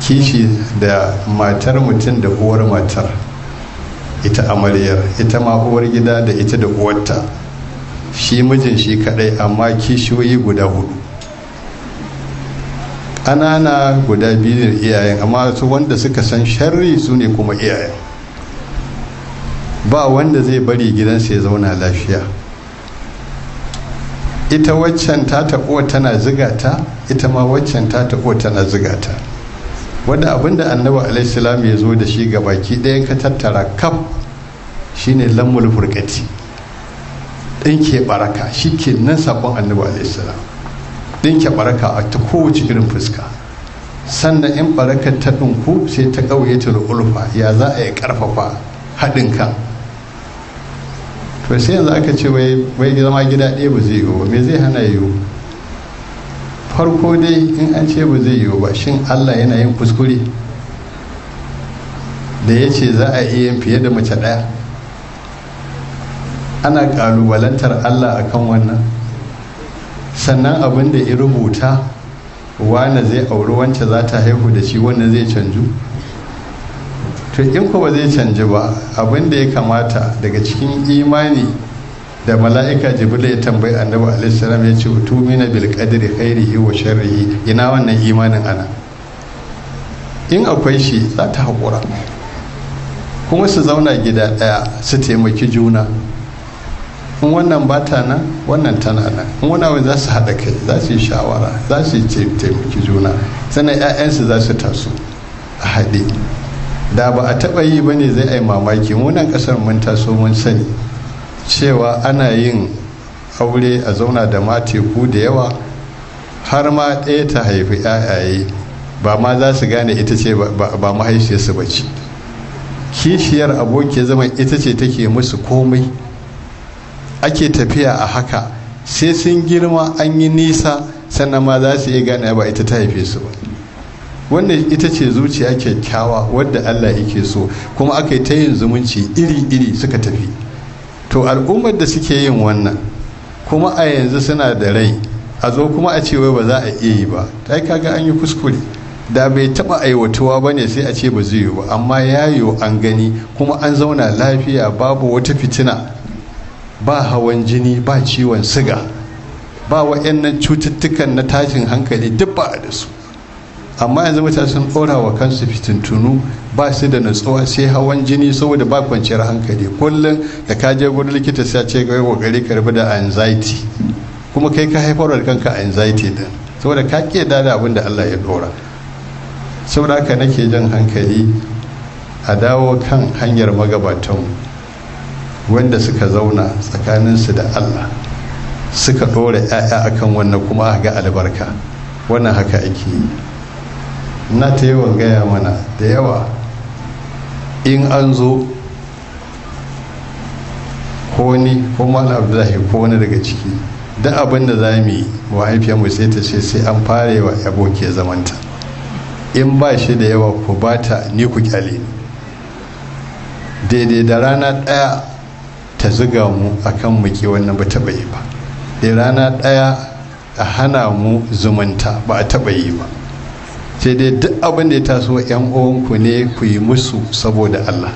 kishi da matar mutum da uwar matar ita amaryar ita ma uwar gida da ita da uwarta shi mijin shi kadai amma kishiyoyi guda hudu ƙanana guda biyu ne iyayen amma su wanda suka san sharri su ne kuma iyayen ba wanda zai bari gidansa ya zauna lafiya ita waccan ta taɓo tana zigata ita ma waccan ta taɓo tana zigata wanda abinda annabi alaihissalam ya zo da shi ga baki ɗayan ka tattara kaf shine lammul furgati ɗin ke baraka shi ke nan sabon annabi alaihissalam dinke baraka a ta kowace irin fuska sannan in barakar ta ɗinku sai ta ƙauye ta da ya za a yi ƙarfafa haɗin kan to sai yanzu aka ce wai zama gida ɗaya ba zai ba me zai hana yi farko dai in an ce ba zai yi ba shin allah yana yin kuskure da ya ce za a iya fiye da mace ɗaya ana ƙalubalantar allah akan wannan sannan abin da ya rubuta wane zai auri wance za ta haihu da shi wanda zai canju to in ku ba zai canji ba abin da ya kamata daga cikin imani da mala'ika jibril ya tambayi annabi alaihi ya ce utumina bil qadri khairihi wa sharrihi ina wannan imanin ana in akwai shi za ta haƙura kuma su zauna gida ɗaya su taimaki juna in wannan ba ta nan wannan tana nan in wani abu za su haɗa kai za su yi shawara za su yi taimaki juna sannan 'ya'yansu za su taso a haɗe da ba a taɓa yi ba ne zai a yi mamaki wannan ƙasar mun taso mun sani cewa ana yin aure a zauna da mateku da yawa har ma ɗaya ta haifi 'ya'yaye ba ma za su gane ita ce ba mahaifiyarsu ba ce kishiyar aboki zama ita ce take musu komai ake tafiya a haka sai sun girma an yi nisa sannan ma za su iya gane ba ita ta haife su ba wanda ita ce zuciya kyakkyawa wadda allah yake so kuma aka yi ta yin zumunci iri-iri suka tafi to al'ummar da suke yin wannan kuma a yanzu suna da rai a zo kuma a cewa ba za a iya yi ba ai kaga an yi kuskure da bai taba aiwatuwa ba ne sai a ce ba zai yi ba amma ya yiwu an gani kuma an zauna lafiya babu wata fitina ba hawan jini ba ciwon siga ba wa'annan cututtukan na tashin hankali duk ba da su amma yanzu mutane sun ɗora wa kansu fitintunu ba su da natsuwa sai hawan jini saboda ba kwanciyar hankali kullum da ka je gudun likita sai ce ga gari karbi da anxiety kuma kai ka haifar da kanka anxiety din saboda ka ke da abin da Allah ya dora saboda haka nake jan hankali a dawo kan hanyar magabatanmu wanda suka zauna tsakaninsu da allah suka ɗora 'ya'ya akan wannan kuma aka ga albarka wannan haka ake yi na ta yawan gaya mana da yawa in an zo ko ni ko mana abdullahi ko wani daga ciki da abin da za mu yi wa mahaifiyarmu sai ta ce sai an fara wa aboki zamanta in ba shi da yawa ku bata ni ku kyale daidai da rana ɗaya ta ziga mu akan muke wannan ba taɓa yi ba da rana ɗaya a hana mu zumunta ba a taɓa yi ba sai dai duk abin da ya taso yan uwanku ne ku yi musu saboda Allah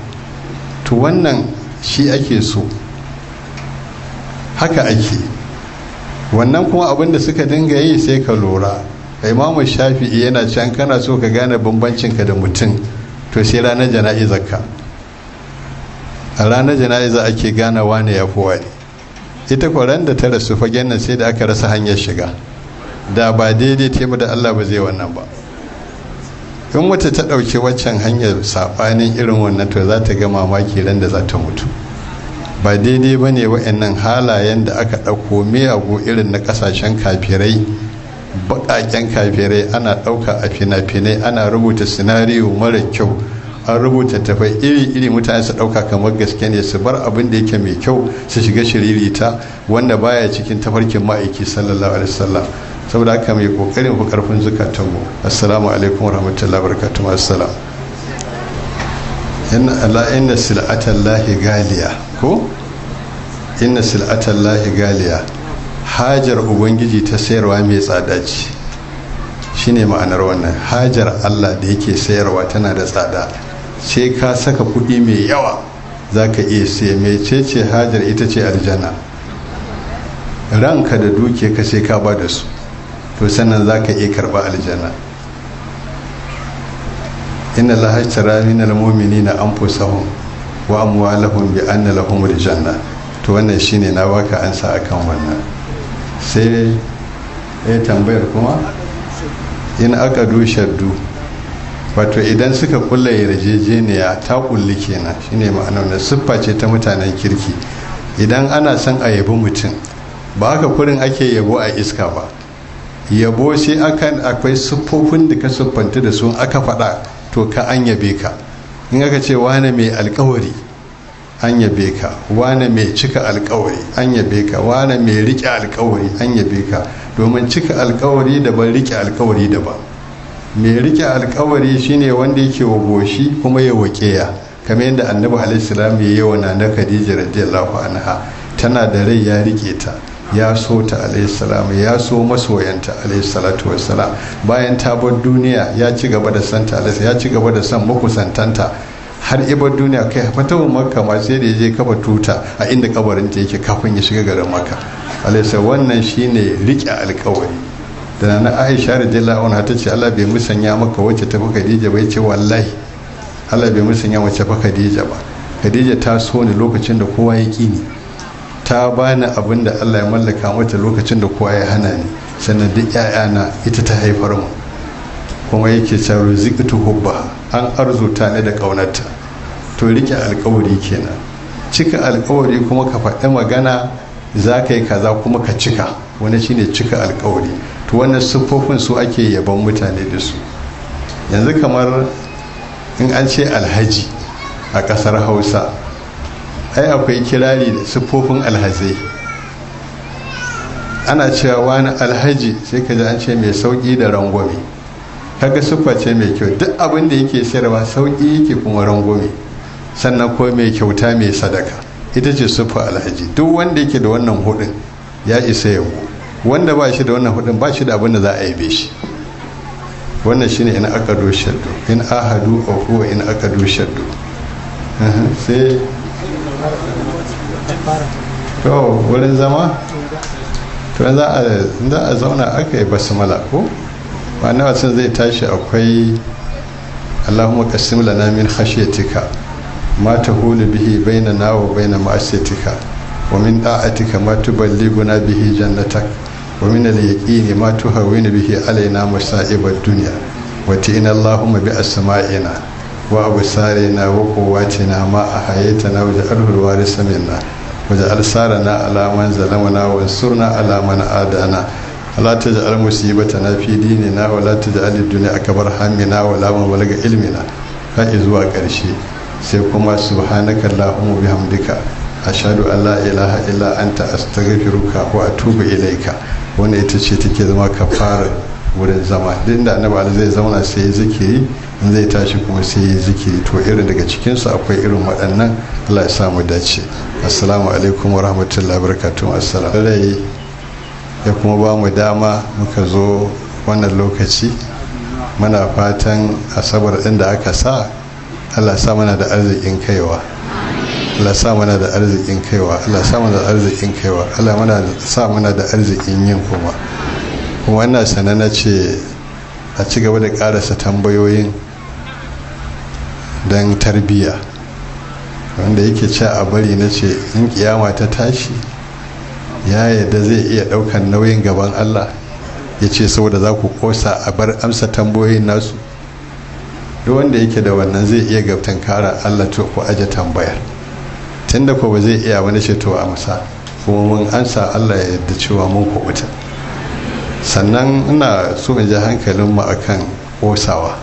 to wannan shi ake so haka ake wannan kuma abin da suka dinga yi sai ka lura imamu shafi'i yana can kana so ka gane bambancinka da mutum to sai ranar jana'izarka a ranar jana'iza ake ganawa wane ya fi ita kwaran da ta rasu fagen nan sai da aka rasa hanyar shiga da ba daidai ta mu da allah ba zai wannan ba in wata ta ɗauki waccan hanyar saɓanin irin wannan to za ta ga mamaki ran da za ta mutu ba daidai ba ne wa'annan halayen da aka ɗauko miyagu irin na ƙasashen kafirai baƙaƙen kafirai ana ɗauka a fina-finai ana rubuta sinariyo mara kyau an rubuta tafai iri-iri mutane su ɗauka kamar gaske ne su bar abin da yake mai kyau su shiga shiririta wanda baya cikin tafarkin ma'aiki sallallahu alaihi wasallam saboda haka mai kokarin ku karfin zukatanmu assalamu alaikum warahmatullahi wabarakatuh assalam inna sil'atan lahi galiya ko inna sil'atan lahi galiya hajar ubangiji ta sayarwa mai tsada ce shine ma'anar wannan hajar Allah da yake sayarwa tana da tsada sai ka saka kuɗi mai yawa za ka iya siya mai ce hajar ita ce aljanna ranka da duke ka sai ka ba da su to sannan za ka iya karɓa aljanna inna lahashara min lamomini na anfusahum wa amwalahum bi anna lahum janna to wannan shine na baka ansa akan wannan sai ya eh, tambayar kuma in aka do shaddu wato idan suka kulla yarjejeniya ta kulli kenan shine ma'anar na siffa ce ta mutanen kirki idan ana son a yabi mutum ba haka kurin ake yabo a iska ba yabo sai akan akwai siffofin da ka siffanta da su aka faɗa to ka an yabe ka in aka ce wane mai alkawari an yabe ka wane mai cika alkawari an yabe ka wane mai rike alkawari an yabe ka domin cika alkawari daban rike alkawari daban mai rike alkawari shine wanda yake wa goshi kuma ya waƙeya kamar yadda annabi alaihissalam ya yi wa nana khadija radiyallahu anha tana da rai ya rike ta ya so ta alaihissalam ya so masoyanta alaihissalatu wassalam bayan ta bar duniya ya ci gaba da san santa ya ci gaba da san makusantanta har ibar duniya kai wa makka ma sai da ya je kafa tuta a inda kabarin ta yake kafin ya shiga garin maka alaihissalam wannan shine rike alkawari da na aisha radiyallahu wani ta ce Allah bai musanya maka wacce ta fi Khadija bai ce wallahi Allah bai musanya wacce fa Khadija ba Khadija ta so ni lokacin da kowa ya ƙi ta bani abin da Allah ya mallaka mata lokacin da kowa ya hana ni sannan duk ƴaƴana ita ta haifar mu kuma yake cewa rizqitu hubba an arzuta ni da kaunarta to rike alƙawari kenan cika alƙawari kuma ka faɗi magana za ka yi kaza kuma ka cika wani shine cika alƙawari to wannan siffofin su ake yaban mutane da su yanzu kamar in an ce alhaji a ƙasar hausa ai akwai kirari da siffofin alhazai ana cewa wani alhaji sai ka ji an ce mai sauƙi da rangwame kaga siffa ce mai kyau duk abin da yake sayarwa sauƙi yake kuma rangwame sannan ko mai kyauta mai sadaka ita ce siffa alhaji duk wanda yake da wannan hudun ya isa yabo wanda ba shi da wannan hudun ba shi da abin da za a yabe shi wannan shi ne in aka doshaddu in ahadu a kowa in aka doshaddu sai to wurin zama to za a zauna aka yi basmala ko ba na wasan zai tashi akwai allahumma qasim lana min khashyatika ma tahulu bihi bainana wa baina ma'asiyatika wa min da'atika ma tuballighuna bihi jannatak wa min al-yaqini ma tuhawwinu biki alaina masa'ib ad-dunya wa tina Allahumma bi asma'ina wa absarina wa quwwatina ma ahaytana wa ja'alhu al-warisa minna wa ja'al sarana na man zalamana wa ansurna ala man adana ala taj'al musibatana fi dinina wa la taj'al ad-dunya akbar hammina wa la mablagha ilmina fa zuwa karshe sai kuma subhanakallahumma bihamdika ashadu an ilaha illa anta ko a atubu ilaika wanda ita ce take zama kafara wurin zama din da annabi zai zauna sai zikiri in zai tashi kuma sai yi zikiri to irin daga cikinsu akwai irin waɗannan Allah ya samu dace assalamu alaikum wa rahmatullahi wa barakatuhu assalamu ya kuma ba mu dama muka zo wannan lokaci muna fatan asabar ɗin da aka sa Allah sa mana da arzikin kaiwa Allah sa mana da arzikin kaiwa Allah sa mana da arzikin kaiwa Allah mana sa mana da arzikin yin kuma kuma ina sana na ce a ci gaba da karasa tambayoyin don tarbiyya wanda yake cewa a bari na ce in kiyama ta tashi ya yadda zai iya daukan nauyin gaban Allah ya ce saboda za ku kosa a bar amsa tambayoyin nasu duk wanda yake da wannan zai iya gabtan kara Allah to ku aje tambayar tun da ba zai iya wani ceto a masa kuma mun ansa allah ya yarda cewa mun kubuta sannan ina so in ji hankalin mu akan kosawa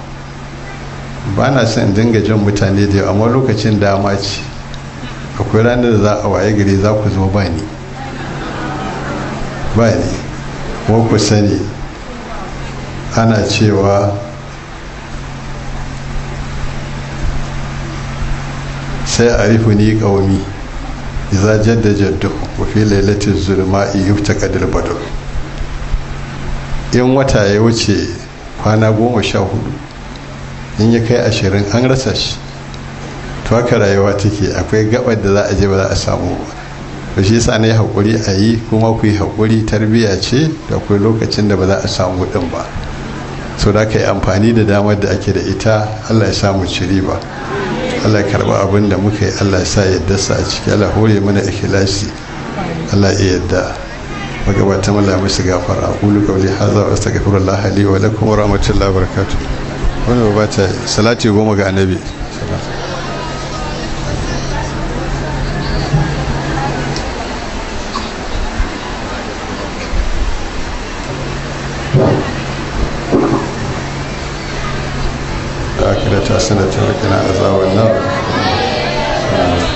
ba na son dinga jin mutane da amma lokacin dama ce akwai ranar da za a waye gari za ku zo ba ni ba ni ko ku sani ana cewa sai a ne ƙaumi iza jadda jaddu wa fi lailatin yi ta kadil badr in wata ya wuce kwana goma sha hudu in ya kai ashirin an rasa shi to haka rayuwa take akwai gabar da za a je ba za a samu ba ba shi yasa yi haƙuri a yi kuma ku yi haƙuri tarbiyya ce da akwai lokacin da ba za a samu ɗin ba so da ka yi amfani da damar da ake da ita allah ya samu ciri ba Allah karba abin da muka yi Allah sa yadda sa a ciki Allah hore mana ikhlasi Allah ya yadda magabata mala musu gafara aqulu qawli haza wa astaghfirullah li wa lakum wa rahmatullahi wa barakatuh wannan ba salati goma ga annabi to can as I would know.